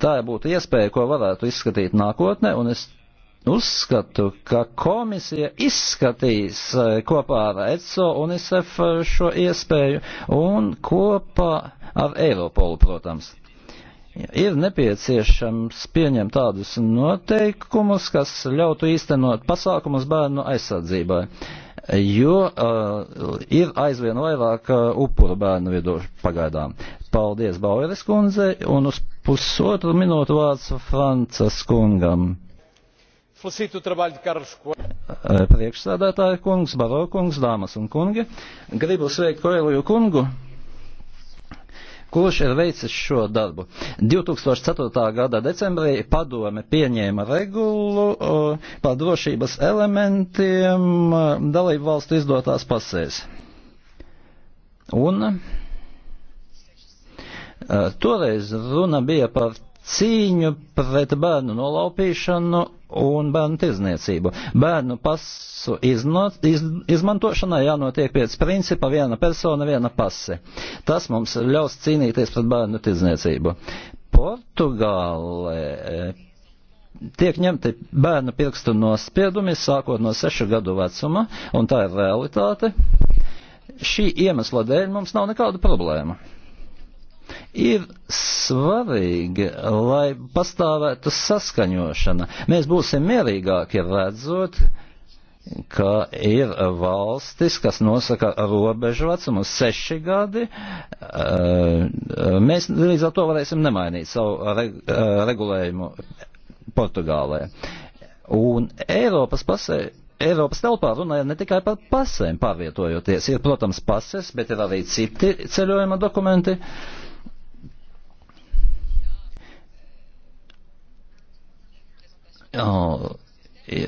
Tā būtu iespēja, ko varētu izskatīt nākotnē, un es Uzskatu, ka komisija izskatīs e, kopā ar ECO un ISF e, šo iespēju un kopā ar Eiropolu, protams. Ir nepieciešams pieņemt tādus noteikumus, kas ļautu īstenot pasākumus bērnu aizsardzībai, jo uh, ir aizvien vairāk uh, upuru bērnu vidū pagaidām. Paldies Baueres kundzei un uz pusotru minūtu vārds Francas kungam. Felicito o trabalho de Carlos Coelho. Eh, priekšsēdētāja kungs, baro kungs, dāmas un kungi. Gribu sveikt Koeliju kungu, kurš ir veicis šo darbu. 2004. gada decembrī padome pieņēma regulu eh, par drošības elementiem eh, dalību valstu izdotās pasēs. Un Toreiz runa bija par cīņu pret bērnu nolaupīšanu un bērnu tirzniecību. Bērnu pasu izno, iz, izmantošanai jānotiek pēc principa viena persona, viena pase. Tas mums ļaus cīnīties pret bērnu tirzniecību. Portugāle eh, tiek ņemti bērnu pirkstu nospiedumi sākot no sešu gadu vecuma, un tā ir realitāte. Šī iemesla dēļ mums nav nekāda problēma. Ir svarīgi, lai pastāvētu saskaņošana. Mēs būsim mierīgāki redzot, ka ir valstis, kas nosaka robežu vecumu seši gadi. Mēs līdz ar to varēsim nemainīt savu regulējumu Portugālē. Un Eiropas pasē. Eiropas telpā runāja ne tikai par pasēm pārvietojoties. Ir, protams, pases, bet ir arī citi ceļojuma dokumenti. Uh, Oh,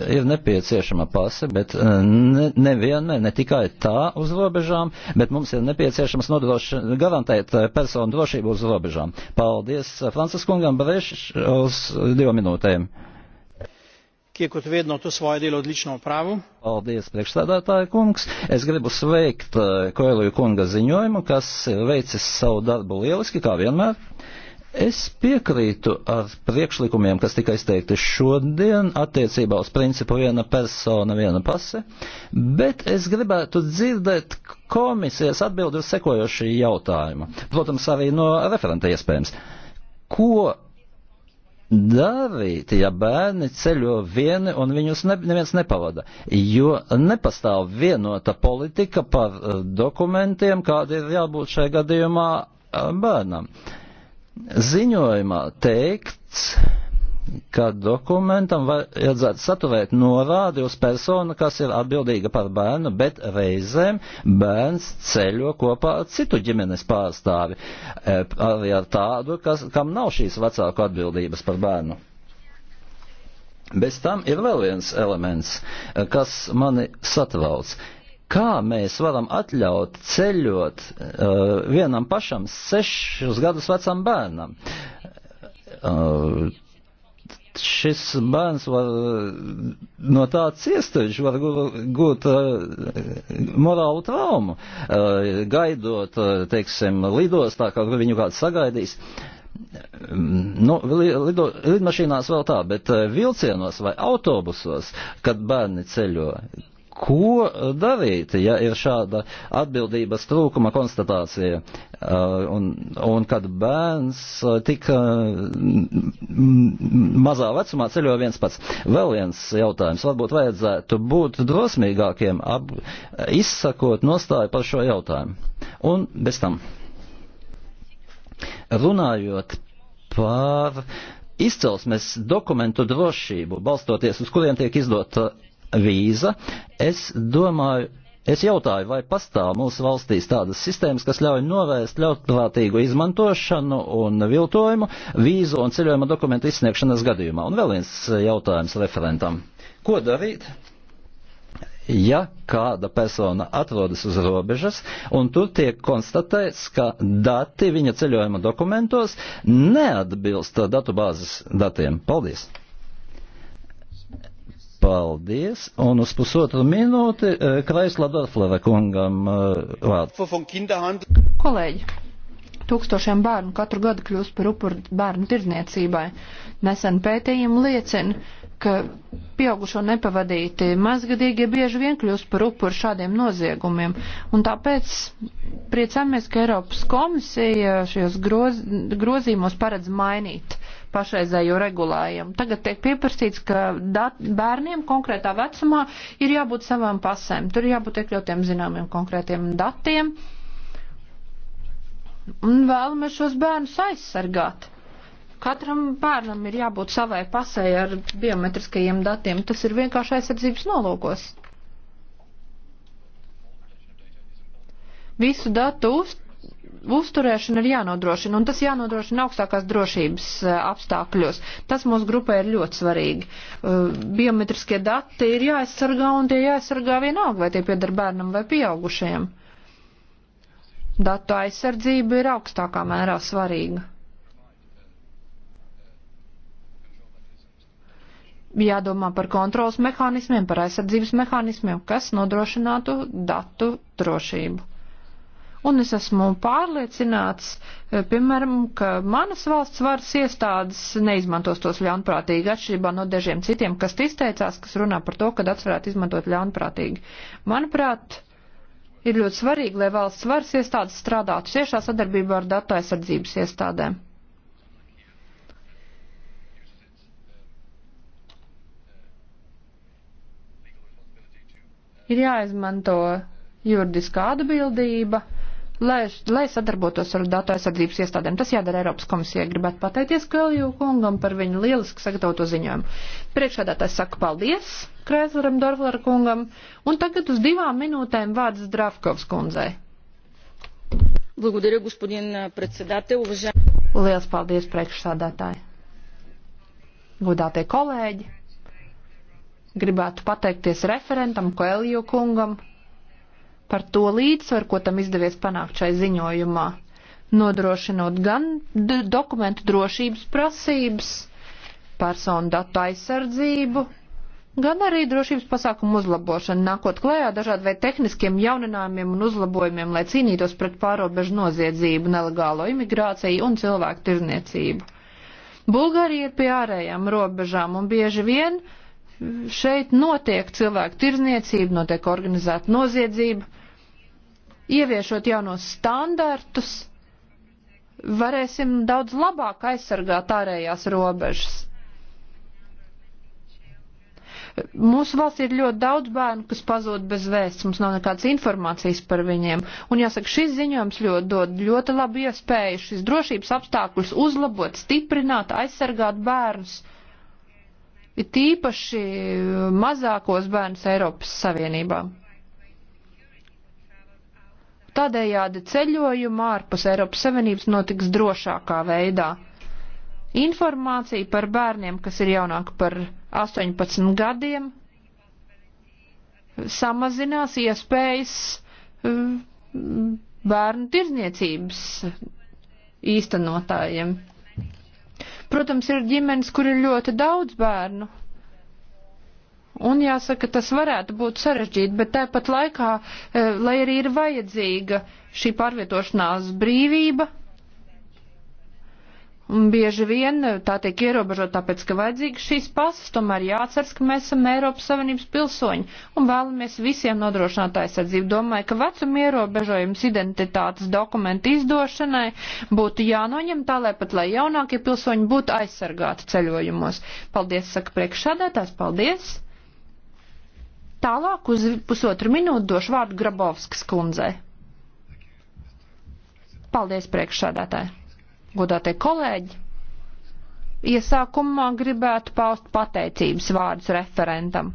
ir nepieciešama pase, bet nevienmēr, eh, ne, ne tikai tā uz robežām, bet mums ir nepieciešams nodroši, garantēt eh, personu drošību uz robežām. Paldies eh, Franciskungam Brešs uz divām minūtēm. Kje kot vedno to svoje delo odlično opravil. Paldies, priekšstādātāja kungs. Es gribu sveikt Koeliju kunga ziņojumu, kas ir veicis savu darbu lieliski, kā vienmēr. Uh, Es piekrītu ar priekšlikumiem, kas tika izteikti šodien attiecībā uz principu viena persona, viena pase, bet es gribētu dzirdēt komisijas atbildi uz sekojošu jautājumu. Protams, arī no referenta iespējams. Ko darīt, ja bērni ceļo vieni un viņus ne, neviens nepavada, jo nepastāv vienota politika par eh, dokumentiem, kāda ir jābūt šajā gadījumā eh, bērnam. Uh, Ziņojumā teikts, ka dokumentam vajadzētu saturēt norādi uz personu, kas ir atbildīga par bērnu, bet reizēm bērns ceļo kopā ar citu ģimenes pārstāvi, e, arī ar tādu, kas, kam nav šīs vecāku atbildības par bērnu. Bez tam ir vēl viens elements, e, kas mani satrauc. Kā mēs varam atļaut ceļot uh, vienam pašam sešus gadus vecam bērnam? Uh, šis bērns var no tā ciest, viņš var gūt uh, morālu traumu, uh, gaidot, uh, teiksim, lidostā, kaut kur viņu kāds sagaidīs. Nu, lido, lidmašīnās vēl tā, bet uh, vilcienos vai autobusos, kad bērni ceļo, ko eh, darīt, ja ir šāda atbildības trūkuma konstatācija. Eh, un, un kad bērns eh, tik mazā vecumā ceļo viens pats. Vēl viens jautājums. Varbūt vajadzētu būt drosmīgākiem, ap, izsakot nostāju par šo jautājumu. Un bez tam. Runājot par izcelsmes dokumentu drošību, balstoties uz kuriem tiek izdota vīza. Es domāju, es jautāju, vai pastāv mūsu valstīs tādas sistēmas, kas ļauj novērst ļautprātīgu izmantošanu un viltojumu vīzu un ceļojuma dokumentu izsniegšanas gadījumā. Un vēl viens jautājums referentam. Ko darīt? ja kāda persona atrodas uz robežas un tur tiek konstatēts, ka dati viņa ceļojuma dokumentos neatbilst datubāzes datiem. Paldies! Paldies, un uz pusotru minūti eh, Kraisla Dorflava kungam eh, vārds. Kolēģi, tūkstošiem bērnu katru gadu kļūst par upuru bērnu tirdzniecībai. Nesen pētījumi liecina, ka pieaugušo nepavadīti mazgadīgie bieži vien kļūst par upuru šādiem noziegumiem, un tāpēc priecāmies, ka Eiropas komisija šajos groz, grozīmos paredz mainīt pašreizējo regulējumu. Tagad tiek pieprasīts, ka dat, bērniem konkrētā vecumā ir jābūt savām pasēm. Tur jābūt iekļautiem zināmiem konkrētiem datiem. Un vēlamies šos bērnus aizsargāt. Katram bērnam ir jābūt savai pasai ar biometriskajiem datiem. Tas ir vienkārši aizsardzības nolūkos. Visu datu uzt uzturēšana ir jānodrošina, un tas jānodrošina augstākās drošības eh, apstākļos. Tas mūsu grupai ir ļoti svarīgi. Eh, biometriskie dati ir jāaizsargā, un tie jāaizsargā vienalga, vai tie pieder bērnam vai pieaugušajam. Datu aizsardzība ir augstākā mērā svarīga. Jādomā par kontrols mehānismiem, par aizsardzības mehānismiem, kas nodrošinātu datu drošību un es esmu pārliecināts, eh, piemēram, ka manas valsts varas iestādes neizmantos tos ļaunprātīgi, atšķirībā no dažiem citiem, kas izteicās, kas runā par to, ka dats varētu izmantot ļaunprātīgi. Manuprāt, ir ļoti svarīgi, lai valsts varas iestādes strādātu ciešā sadarbībā ar datu aizsardzības iestādēm. Ir jāizmanto juridiskā atbildība lai, lai sadarbotos ar datu aizsardzības iestādēm. Tas jādara Eiropas komisijai. Gribētu pateikties Kalju kungam par viņu lieliski sagatavoto ziņojumu. Priekšādātājs saka paldies Krēzleram Dorflera kungam, un tagad uz divām minūtēm vārds Drafkovs kundzei. Благодаря, господин председател. Уважаем... Liels paldies, priekšsādātāji. Godātie kolēģi, gribētu pateikties referentam Koeliju kungam par to līdzsvaru, ko tam izdevies panākt šai ziņojumā, nodrošinot gan dokumentu drošības prasības, personu datu aizsardzību, gan arī drošības pasākumu uzlabošanu, nākot klējā dažādu vai tehniskiem jauninājumiem un uzlabojumiem, lai cīnītos pret pārobežu noziedzību, nelegālo imigrāciju un cilvēku tirzniecību. Bulgārija ir pie ārējām robežām un bieži vien šeit notiek cilvēku tirzniecība, notiek organizēta noziedzība ieviešot jaunos standartus, varēsim daudz labāk aizsargāt ārējās robežas. Mūsu valstī ir ļoti daudz bērnu, kas pazūd bez vēsts, mums nav nekādas informācijas par viņiem. Un jāsaka, šis ziņojums ļoti dod ļoti labu iespēju šis drošības apstākļus uzlabot, stiprināt, aizsargāt bērnus. Ir tīpaši mazākos bērnus Eiropas Savienībā. Tādējādi ceļojuma ārpus Eiropas Savienības notiks drošākā veidā. Informācija par bērniem, kas ir jaunāki par 18 gadiem, samazinās iespējas uh, bērnu tirzniecības īstenotājiem. Protams, ir ģimenes, kur ir ļoti daudz bērnu, Un jāsaka, tas varētu būt sarežģīti, bet tāpat laikā, eh, lai arī ir vajadzīga šī pārvietošanās brīvība, un bieži vien eh, tā tiek ierobežot tāpēc, ka vajadzīga šīs pasas, tomēr jāatceras, ka mēs esam Eiropas Savienības pilsoņi un vēlamies visiem nodrošināt aizsardzību. Domāju, ka vecuma ierobežojums identitātes dokumentu izdošanai būtu jānoņem tā, lai pat lai jaunākie pilsoņi būtu aizsargāti ceļojumos. Paldies, saka priekšsādētājs, paldies! Tālāk uz pusotru minūtu došu vārdu Grabovskas kundzei. Paldies priekšsādātāji. Godātie kolēģi. Iesākumā gribētu paust pateicības vārdus referentam.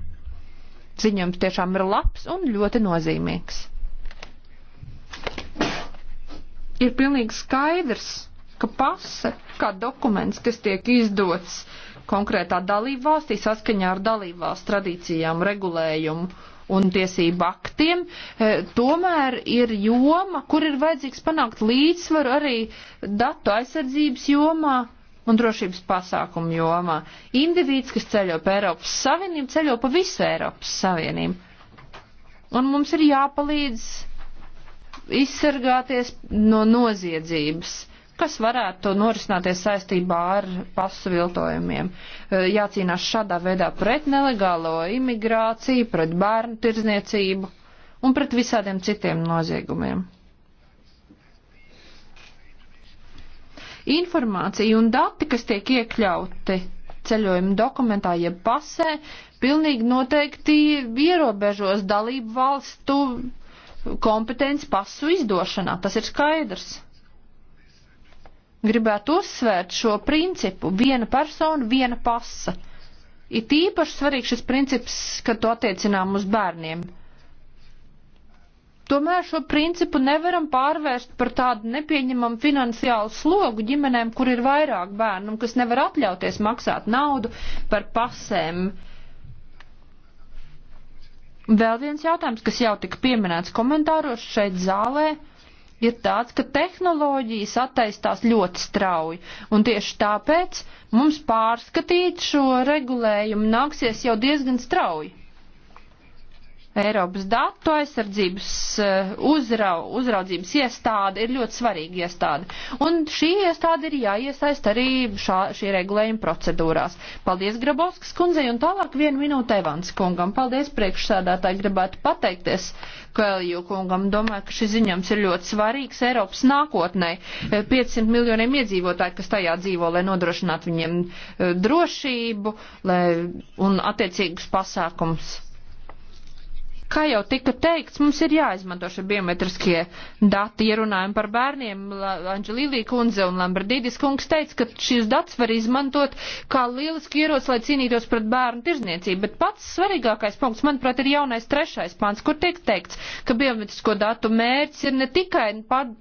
Ziņojums tiešām ir labs un ļoti nozīmīgs. Ir pilnīgi skaidrs, ka pase, kā dokuments, kas tiek izdots uh, konkrētā dalību valstī saskaņā ar dalību valsts tradīcijām, regulējumu un tiesību aktiem, e, tomēr ir joma, kur ir vajadzīgs panākt līdzsvaru arī datu aizsardzības jomā un drošības pasākumu jomā. Indivīds, kas ceļo pa Eiropas Savienību, ceļo pa visu Eiropas Savienību. Un mums ir jāpalīdz izsargāties no noziedzības kas varētu norisināties saistībā ar pasu viltojumiem. E, jācīnās šādā veidā pret nelegālo imigrāciju, pret bērnu tirzniecību un pret visādiem citiem noziegumiem. Informācija un dati, kas tiek iekļauti ceļojuma dokumentā jeb pasē, pilnīgi noteikti ierobežos dalību valstu kompetenci pasu izdošanā. Tas ir skaidrs gribētu uzsvērt šo principu viena persona, viena pasa. Ir tīpaši svarīgs šis princips, kad to attiecinām uz bērniem. Tomēr šo principu nevaram pārvērst par tādu nepieņemamu finansiālu slogu ģimenēm, kur ir vairāk bērnu un kas nevar atļauties maksāt naudu par pasēm. Vēl viens jautājums, kas jau tika pieminēts komentāros šeit zālē ir tāds, ka tehnoloģijas attaistās ļoti strauji, un tieši tāpēc mums pārskatīt šo regulējumu nāksies jau diezgan strauji. Eiropas datu aizsardzības eh, uzrau, uzraudzības iestāde ir ļoti svarīga iestāde. Un šī iestāde ir jāiesaist arī šā, šī regulējuma procedūrās. Paldies Grabovskas kundzei un tālāk vienu minūtu Evans kungam. Paldies priekšsādātāji, gribētu pateikties Kailju kungam. Domāju, ka šis ziņojums ir ļoti svarīgs Eiropas nākotnē. 500 eh, miljoniem iedzīvotāji, kas tajā dzīvo, lai nodrošinātu viņiem eh, drošību lai, un attiecīgus pasākums kā jau tika teikts, mums ir jāizmanto šie biometriskie dati. Ja runājam par bērniem, Anģelīlī kundze un Lamberdīdis kungs teica, ka šīs dats var izmantot kā lieliski ieroci, lai cīnītos pret bērnu tirzniecību. Bet pats svarīgākais punkts, manuprāt, ir jaunais trešais pants, kur tiek teikts, ka biometrisko datu mērķis ir ne tikai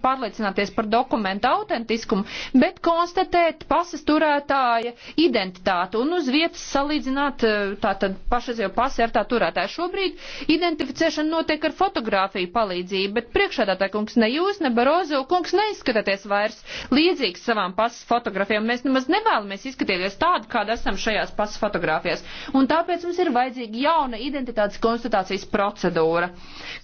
pārliecināties par dokumentu autentiskumu, bet konstatēt pasas turētāja identitātu un uz vietas salīdzināt eh, tātad pašas jau pasi ar tā turētāju. Šobrīd identitāti Ratificēšana notiek ar fotografiju palīdzību, bet priekšādātāja kungs ne jūs, ne Barozo kungs neizskatāties vairs līdzīgs savām pasas fotografijām. Mēs nemaz nevēlamies izskatīties tādu, kāda esam šajās pasas fotografijās. Un tāpēc mums ir vajadzīga jauna identitātes konstatācijas procedūra,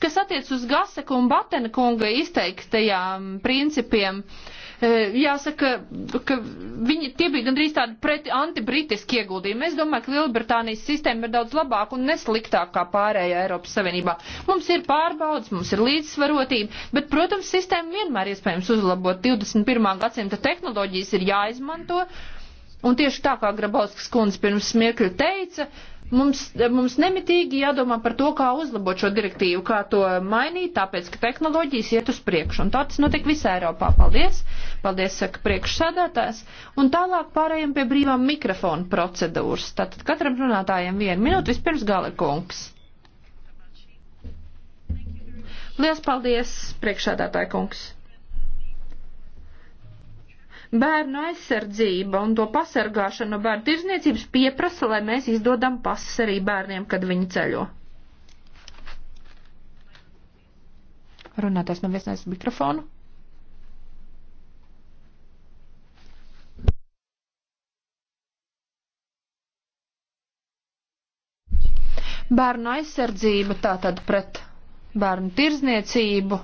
kas attiec uz Gaseka un Batena kunga izteiktajām principiem. Uh, E, jāsaka, ka viņi, tie bija gandrīz tādi pret antibritiski ieguldījumi. Es domāju, ka Lielbritānijas sistēma ir daudz labāka un nesliktāka kā pārējā Eiropas Savienībā. Mums ir pārbaudas, mums ir līdzsvarotība, bet, protams, sistēma vienmēr iespējams uzlabot. 21. gadsimta tehnoloģijas ir jāizmanto. Un tieši tā kā Grabauskas kundze pirms smiekļa teica, uh, Mums, mums nemitīgi jādomā par to, kā uzlabot šo direktīvu, kā to mainīt, tāpēc, ka tehnoloģijas iet uz priekšu. Un tā tas notiek visā Eiropā. Paldies! Paldies, saka priekšsēdētājs. Un tālāk pārējiem pie brīvā mikrofona procedūras. Tātad katram runātājiem vienu minūtu vispirms gala kungs. Lielas paldies, priekšsēdētāja kungs! Bērnu aizsardzība un to pasargāšana no bērnu tirzniecības pieprasa, lai mēs izdodam pasas arī bērniem, kad viņi ceļo. Runātājs nav iesnēs mikrofonu. Bērnu aizsardzība tātad pret bērnu tirzniecību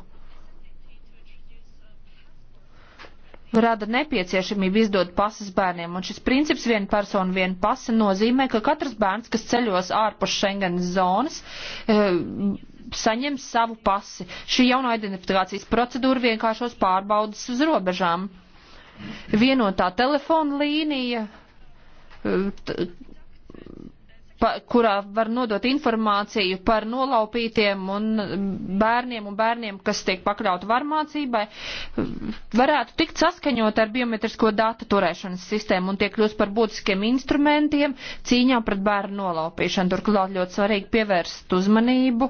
rada nepieciešamību izdot pasas bērniem, un šis princips viena persona, viena pasa nozīmē, ka katrs bērns, kas ceļos ārpus Schengenas zonas, eh, saņem savu pasi. Šī jauno identifikācijas procedūra vienkāršos pārbaudas uz robežām. Vienotā telefona līnija eh, pa, kurā var nodot informāciju par nolaupītiem un mm, bērniem un bērniem, kas tiek pakļauti varmācībai, varētu tikt saskaņot ar biometrisko datu turēšanas sistēmu un tiek kļūst par būtiskiem instrumentiem cīņā pret bērnu nolaupīšanu. Turklāt ļoti svarīgi pievērst uzmanību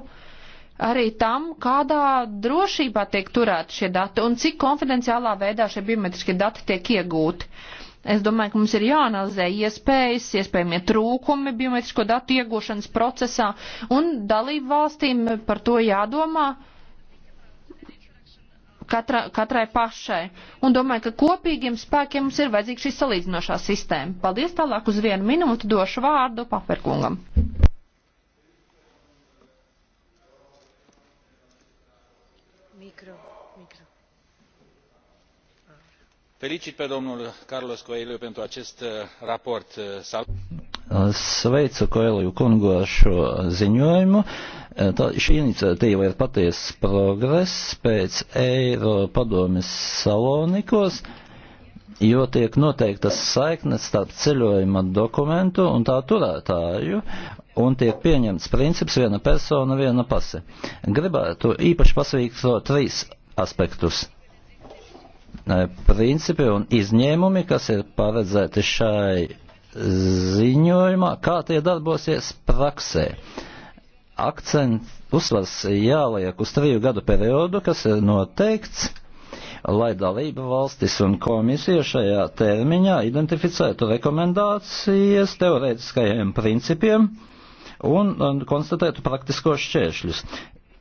arī tam, kādā drošībā tiek turēti šie dati un cik konfidenciālā veidā šie biometriskie dati tiek iegūti. Uh, Es domāju, ka mums ir jāanalizē iespējas, iespējamie trūkumi biometrisko datu iegūšanas procesā, un dalību valstīm par to jādomā katra, katrai pašai. Un domāju, ka kopīgiem spēkiem mums ir vajadzīga šī salīdzinošā sistēma. Paldies tālāk uz vienu minūti, došu vārdu paperkungam. felicit pe domnul carlos coelho pentru acest uh, raport. Uh, Sveicu Koeliju kungu ar šo ziņojumu. E, tā, šī iniciatīva ir patiesa progress pēc Eiro padomis Salonikos, jo tiek noteiktas saiknes starp ceļojuma dokumentu un tā turētāju un tiek pieņemts princips viena persona, viena pase. Gribētu īpaši pasvītrot trīs aspektus principi un izņēmumi, kas ir paredzēti šai ziņojumā, kā tie darbosies praksē. Akcent uzsvars jāliek uz triju gadu periodu, kas ir noteikts, lai dalība valstis un komisija šajā termiņā identificētu rekomendācijas teorētiskajiem principiem un, un konstatētu praktiskos šķēršļus.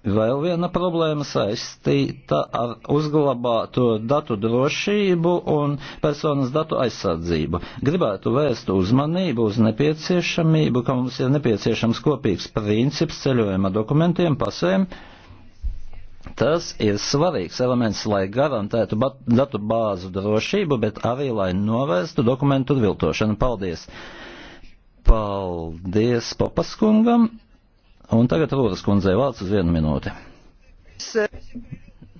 Vēl viena problēma saistīta ar uzglabāto datu drošību un personas datu aizsardzību. Gribētu vērst uzmanību uz nepieciešamību, ka mums ir nepieciešams kopīgs princips ceļojuma dokumentiem, pasēm. Tas ir svarīgs elements, lai garantētu datu bāzu drošību, bet arī lai novērstu dokumentu viltošanu. Paldies! Paldies Popaskungam! Un tagad Rūtas kundzei vārds uz vienu minūti.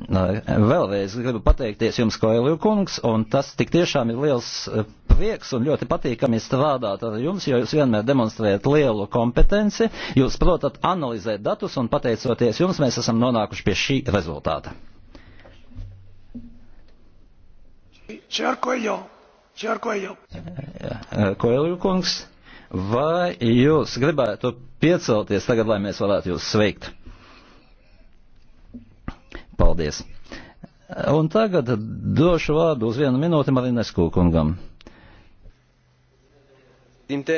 Vēlreiz gribu pateikties jums, Koeliju kungs, un tas tik tiešām ir liels eh, prieks un ļoti patīkami strādāt ar jums, jo jūs vienmēr demonstrējat lielu kompetenci, jūs protat analizēt datus, un pateicoties jums, mēs esam nonākuši pie šī rezultāta. Čer Koeliju, Čer Koeliju. Koeliju kungs. Vai jūs gribētu piecelties tagad, lai mēs varētu jūs sveikt? Paldies. Un tagad došu vārdu uz vienu minūti Marinesku kungam. Uh,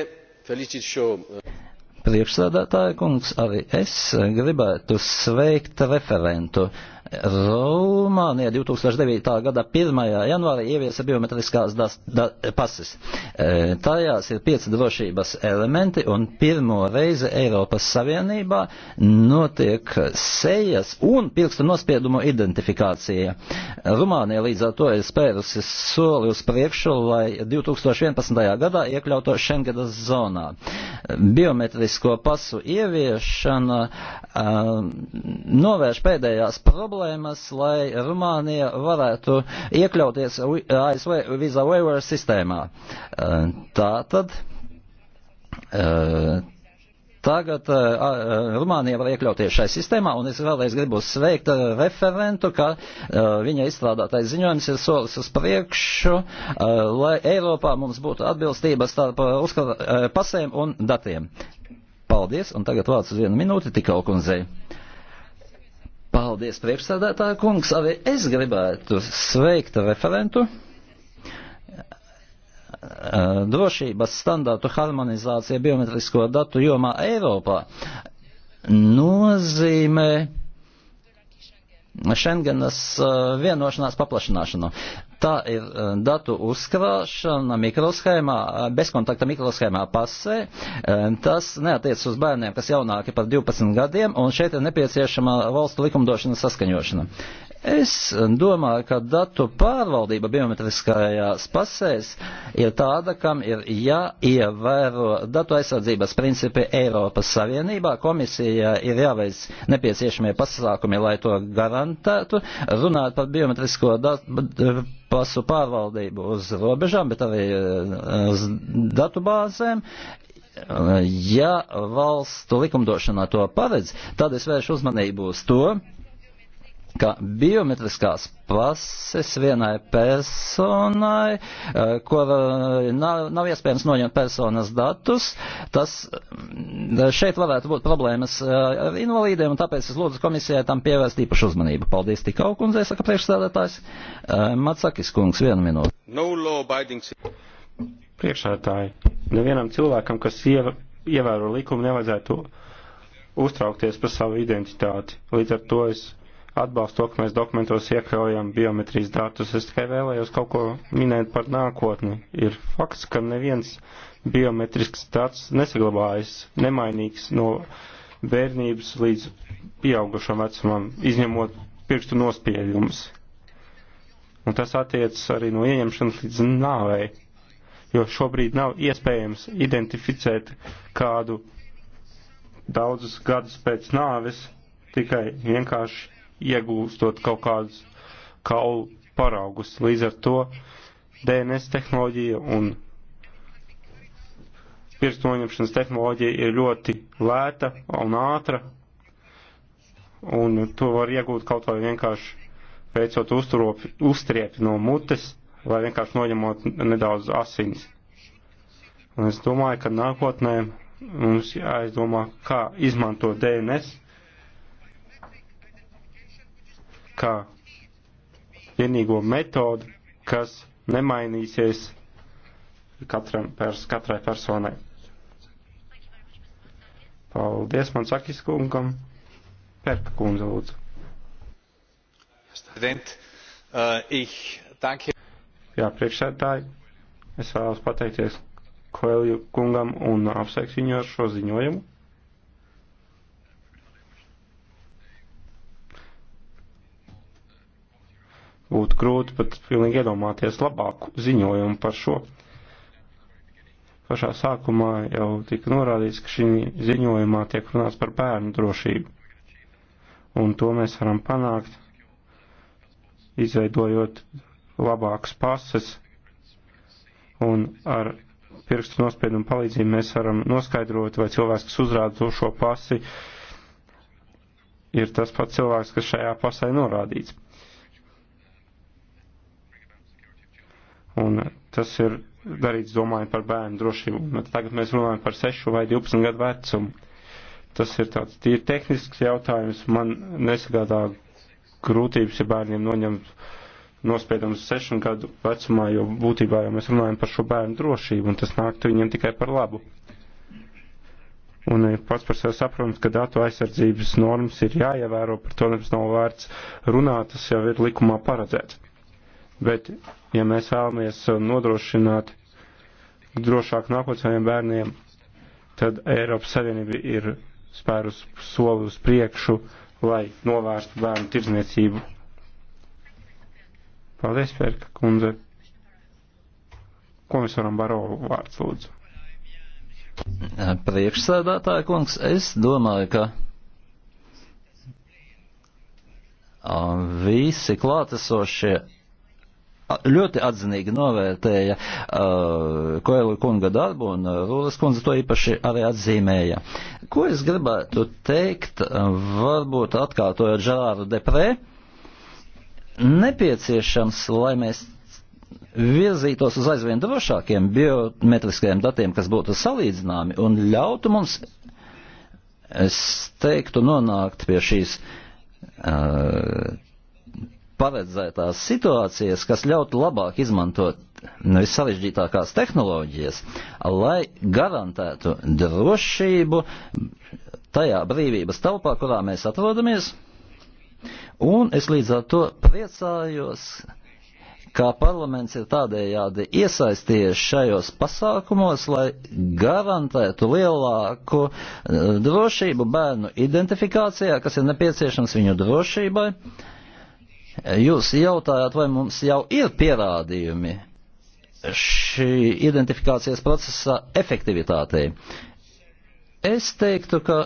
Priekšsēdētāja kungs, arī es gribētu sveikt referentu. Uh, Rumānija 2009. gada 1. janvārī ieviesa biometriskās das, da, pases. E, tajās ir pieci drošības elementi un pirmo reizi Eiropas Savienībā notiek sejas un pirkstu nospiedumu identifikācija. Rumānija līdz ar to ir spērusi soli uz priekšu, lai 2011. gadā iekļauto Schengenas zonā. Biometrisko pasu ieviešana um, novērš pēdējās problēmas problēmas, lai Rumānija varētu iekļauties ASV visa waiver sistēmā. Tā tad. Tagad uh, Rumānija var iekļauties šai sistēmā, un es vēlreiz gribu sveikt uh, referentu, ka uh, viņa izstrādātais ziņojums ir solis uz priekšu, uh, lai Eiropā mums būtu atbilstība starp uh, uzskata, uh, pasēm un datiem. Paldies, un tagad vārds uz vienu minūti tikau kundzei. Uh, Paldies, priekšsādātāja kungs. Arī es gribētu sveikt referentu drošības standārtu harmonizācija biometrisko datu jomā Eiropā nozīmē Šengenas eh, vienošanās paplašināšanu. Tā ir e, datu uzkrāšana mikroshēmā, e, bezkontakta mikroshēmā pasē. E, tas neatiec uz bērniem, kas jaunāki par 12 gadiem, un šeit ir nepieciešama valstu likumdošana saskaņošana. Es domāju, ka datu pārvaldība biometriskajās pasēs ir tāda, kam ir jāievēro ja datu aizsardzības principi Eiropas Savienībā. Komisija ir jāveic nepieciešamie pasākumi, lai to garantētu. Runāt par biometrisko datu pasu pārvaldību uz robežām, bet arī e, uz datu bāzēm ja valstu likumdošanā to paredz, tad es vēršu uzmanību uz to, ka biometriskās pases vienai personai, eh, kur nav, nav iespējams noņemt personas datus, tas mm, šeit varētu būt problēmas ar eh, invalīdiem, un tāpēc es lūdzu komisijai tam pievērst īpašu uzmanību. Paldies tikau, kundzei, saka priekšsēdētājs. Eh, Matsakis kungs, vienu minūti. No Priekšsēdētāji, nevienam cilvēkam, kas ievēro likumu, nevajadzētu uztraukties par savu identitāti. Līdz ar to es atbalstu to, ka mēs dokumentos iekļaujam biometrijas datus. Es tikai vēlējos kaut ko minēt par nākotni. Ir fakts, ka neviens biometrisks dats nesaglabājas nemainīgs no bērnības līdz pieaugušam vecumam, izņemot pirkstu nospiedumus. Un tas attiecas arī no ieņemšanas līdz nāvei, jo šobrīd nav iespējams identificēt kādu daudzus gadus pēc nāves tikai vienkārši iegūstot kaut kādus kaulu paraugus. Līdz ar to DNS tehnoloģija un pirkstu noņemšanas tehnoloģija ir ļoti lēta un ātra, un to var iegūt kaut vai vienkārši veicot uzturopi, uztriepi no mutes vai vienkārši noņemot nedaudz asins. Un es domāju, ka nākotnē mums jāizdomā, kā izmantot DNS kā vienīgo metodu, kas nemainīsies katram, pers, katrai personai. Paldies, man sakis kungam. Perka kundze, lūdzu. Uh, Jā, priekšsētāji, es vēlos pateikties Koelju kungam un apsveikt viņu ar šo ziņojumu. Būtu grūti pat pilnīgi iedomāties labāku ziņojumu par šo. Pašā sākumā jau tika norādīts, ka šī ziņojumā tiek runāts par bērnu drošību. Un to mēs varam panākt, izveidojot labākas pases un ar pirkstu nospiedumu palīdzību mēs varam noskaidrot, vai cilvēks, kas uzrāda to šo pasi, ir tas pats cilvēks, kas šajā pasai norādīts. Un tas ir darīts domājot par bērnu drošību. Un tagad mēs runājam par 6 vai 12 gadu vecumu. Tas ir tāds tīri tehnisks jautājums. Man nesagādā grūtības, ja bērniem noņem nospiedams 6 gadu vecumā, jo būtībā jau mēs runājam par šo bērnu drošību, un tas nāktu viņiem tikai par labu. Un pats par sevi saprotams, ka datu aizsardzības normas ir jāievēro, par to nemaz nav vērts runāt, tas jau ir likumā paredzēts. Bet, ja mēs vēlamies nodrošināt drošāku nākotnē saviem bērniem, tad Eiropas Savienība ir spērus soli uz priekšu, lai novērstu bērnu tirzniecību. Paldies, Pērka kundze. Komisaram Barovu vārds lūdzu. Priekšsēdētāja kungs, es domāju, ka visi klātesošie ļoti atzinīgi novērtēja uh, Koelu kunga darbu, un uh, Rūlas kundze to īpaši arī atzīmēja. Ko es gribētu teikt, uh, varbūt atkārtojot Žerāru Deprē, nepieciešams, lai mēs virzītos uz aizvien drošākiem biometriskajiem datiem, kas būtu salīdzināmi un ļautu mums, es teiktu, nonākt pie šīs uh, paredzētās situācijas, kas ļautu labāk izmantot vissarežģītākās tehnoloģijas, lai garantētu drošību tajā brīvības telpā, kurā mēs atrodamies. Un es līdz ar to priecājos, kā parlaments ir tādējādi iesaistījies šajos pasākumos, lai garantētu lielāku eh, drošību bērnu identifikācijā, kas ir nepieciešams viņu drošībai. Uh, Jūs jautājāt, vai mums jau ir pierādījumi šī identifikācijas procesa efektivitātei. Es teiktu, ka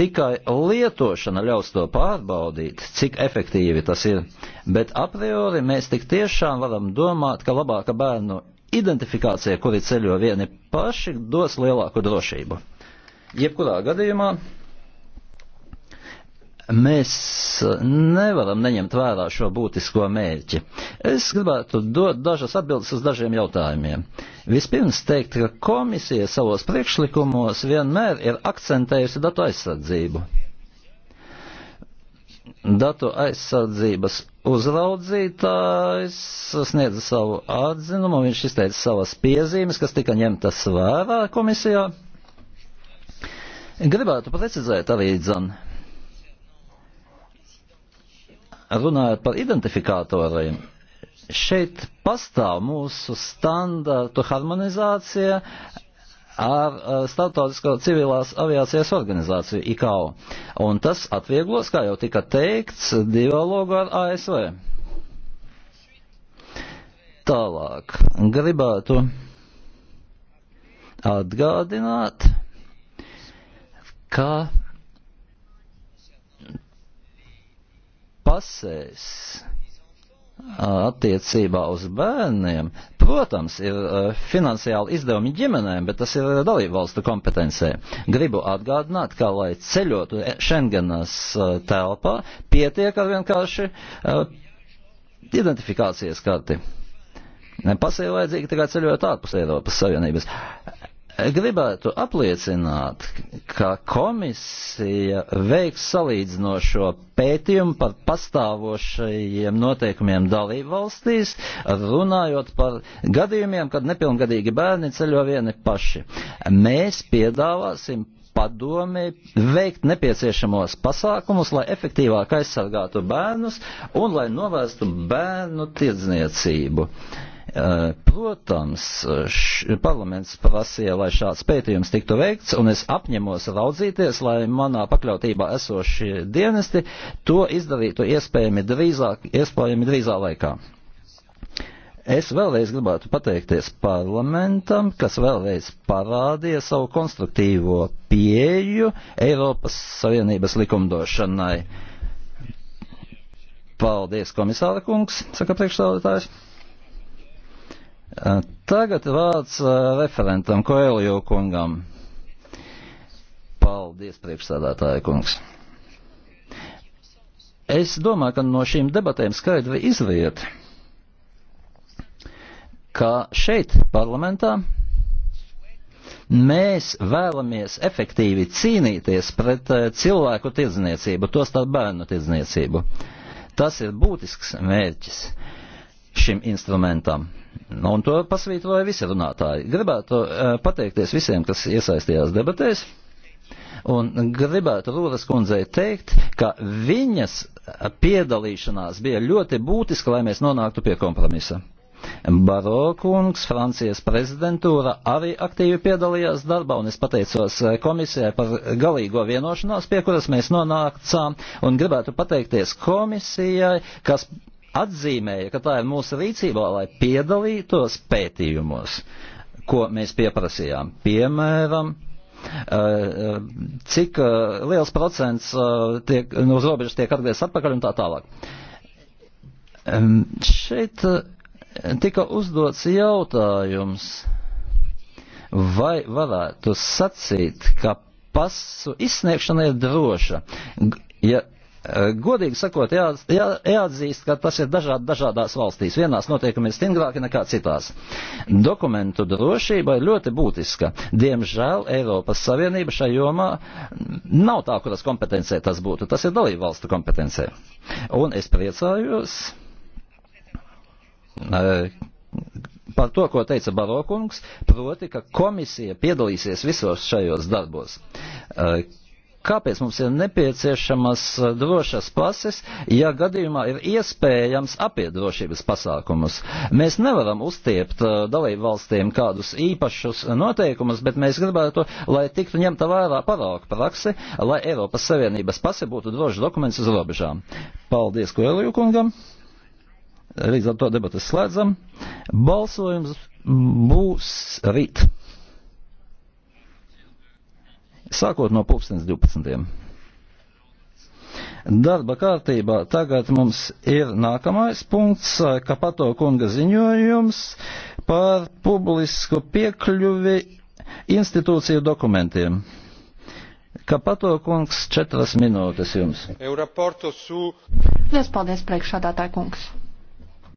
tikai lietošana ļaus to pārbaudīt, cik efektīvi tas ir, bet a priori mēs tik tiešām varam domāt, ka labāka bērnu identifikācija, kuri ceļo vieni paši, dos lielāku drošību. Jebkurā gadījumā mēs nevaram neņemt vērā šo būtisko mērķi. Es gribētu dot dažas atbildes uz dažiem jautājumiem. Vispirms teikt, ka komisija savos priekšlikumos vienmēr ir akcentējusi datu aizsardzību. Datu aizsardzības uzraudzītājs sniedza savu atzinumu, viņš izteica savas piezīmes, kas tika ņemtas vērā komisijā. Gribētu precizēt arī dzanu runājot par identifikatoriem, šeit pastāv mūsu standartu harmonizācija ar eh, Startautisko civilās aviācijas organizāciju ICAO. Un tas atvieglos, kā jau tika teikts, dialogu ar ASV. Tālāk gribētu atgādināt, ka pasēs attiecībā uz bērniem, protams, ir finansiāli izdevumi ģimenēm, bet tas ir dalību valstu kompetencē. Gribu atgādināt, ka, lai ceļotu Schengenas telpā, pietiek ar vienkārši identifikācijas karti. Pasē vajadzīga tikai ceļot ārpus Eiropas Savienības. Gribētu apliecināt, ka komisija veiks salīdzinošo pētījumu par pastāvošajiem noteikumiem dalību valstīs, runājot par gadījumiem, kad nepilngadīgi bērni ceļo vieni paši. Mēs piedāvāsim padomi veikt nepieciešamos pasākumus, lai efektīvāk aizsargātu bērnus un lai novērstu bērnu tirdzniecību. Uh, Eh, protams, eh, š, parlaments prasīja, lai šāds pētījums tiktu veikts, un es apņemos raudzīties, lai manā pakļautībā esošie dienesti to izdarītu iespējami drīzāk, iespējami drīzā laikā. Es vēlreiz gribētu pateikties parlamentam, kas vēlreiz parādīja savu konstruktīvo pieeju Eiropas Savienības likumdošanai. Paldies, komisāra kungs, saka priekšstādātājs. Tagad vārds referentam Koeliju kungam. Paldies, priekšsādātāja kungs. Es domāju, ka no šīm debatēm skaidri izriet, ka šeit parlamentā mēs vēlamies efektīvi cīnīties pret cilvēku tirdzniecību, to starp bērnu tirdzniecību. Tas ir būtisks mērķis šim instrumentam. Nu, un to pasvītroja visi runātāji. Gribētu uh, pateikties visiem, kas iesaistījās debatēs. Un gribētu Lūras kundzei teikt, ka viņas eh, piedalīšanās bija ļoti būtiska, lai mēs nonāktu pie kompromisa. Baro kungs, Francijas prezidentūra arī aktīvi piedalījās darbā, un es pateicos eh, komisijai par galīgo vienošanos, pie kuras mēs nonācām, un gribētu pateikties komisijai, kas atzīmēja, ka tā ir mūsu rīcībā, lai piedalītos pētījumos, ko mēs pieprasījām. Piemēram, eh, cik eh, liels procents eh, tiek, no nu, uz robežas tiek atgriezts atpakaļ un tā tālāk. Šeit tika uzdots jautājums, vai varētu sacīt, ka pasu izsniegšana ir droša, ja Eh, godīgi sakot, jā, jā, jāatzīst, ka tas ir dažādi dažādās valstīs. Vienās noteikumi ir stingrāki nekā citās. Dokumentu drošība ir ļoti būtiska. Diemžēl Eiropas Savienība šajā jomā nav tā, kuras kompetencē tas būtu. Tas ir dalību valstu kompetencē. Un es priecājos eh, par to, ko teica Barokungs, proti, ka komisija piedalīsies visos šajos darbos. Eh, Kāpēc mums ir nepieciešamas eh, drošas pases, ja gadījumā ir iespējams apiet drošības pasākumus? Mēs nevaram uztiept eh, dalību valstīm kādus īpašus noteikumus, bet mēs gribētu, lai tiktu ņemta vērā parauga praksi, lai Eiropas Savienības pase būtu drošs dokuments uz robežām. Paldies Koeliju kungam! Līdz ar to debatas slēdzam. Balsojums būs rīt sākot no pulkstens 12. Darba kārtībā tagad mums ir nākamais punkts, ka pato kunga ziņojums par publisku piekļuvi institūciju dokumentiem. Kapato kungs, četras minūtes jums. Liels paldies, priekšādātāja kungs.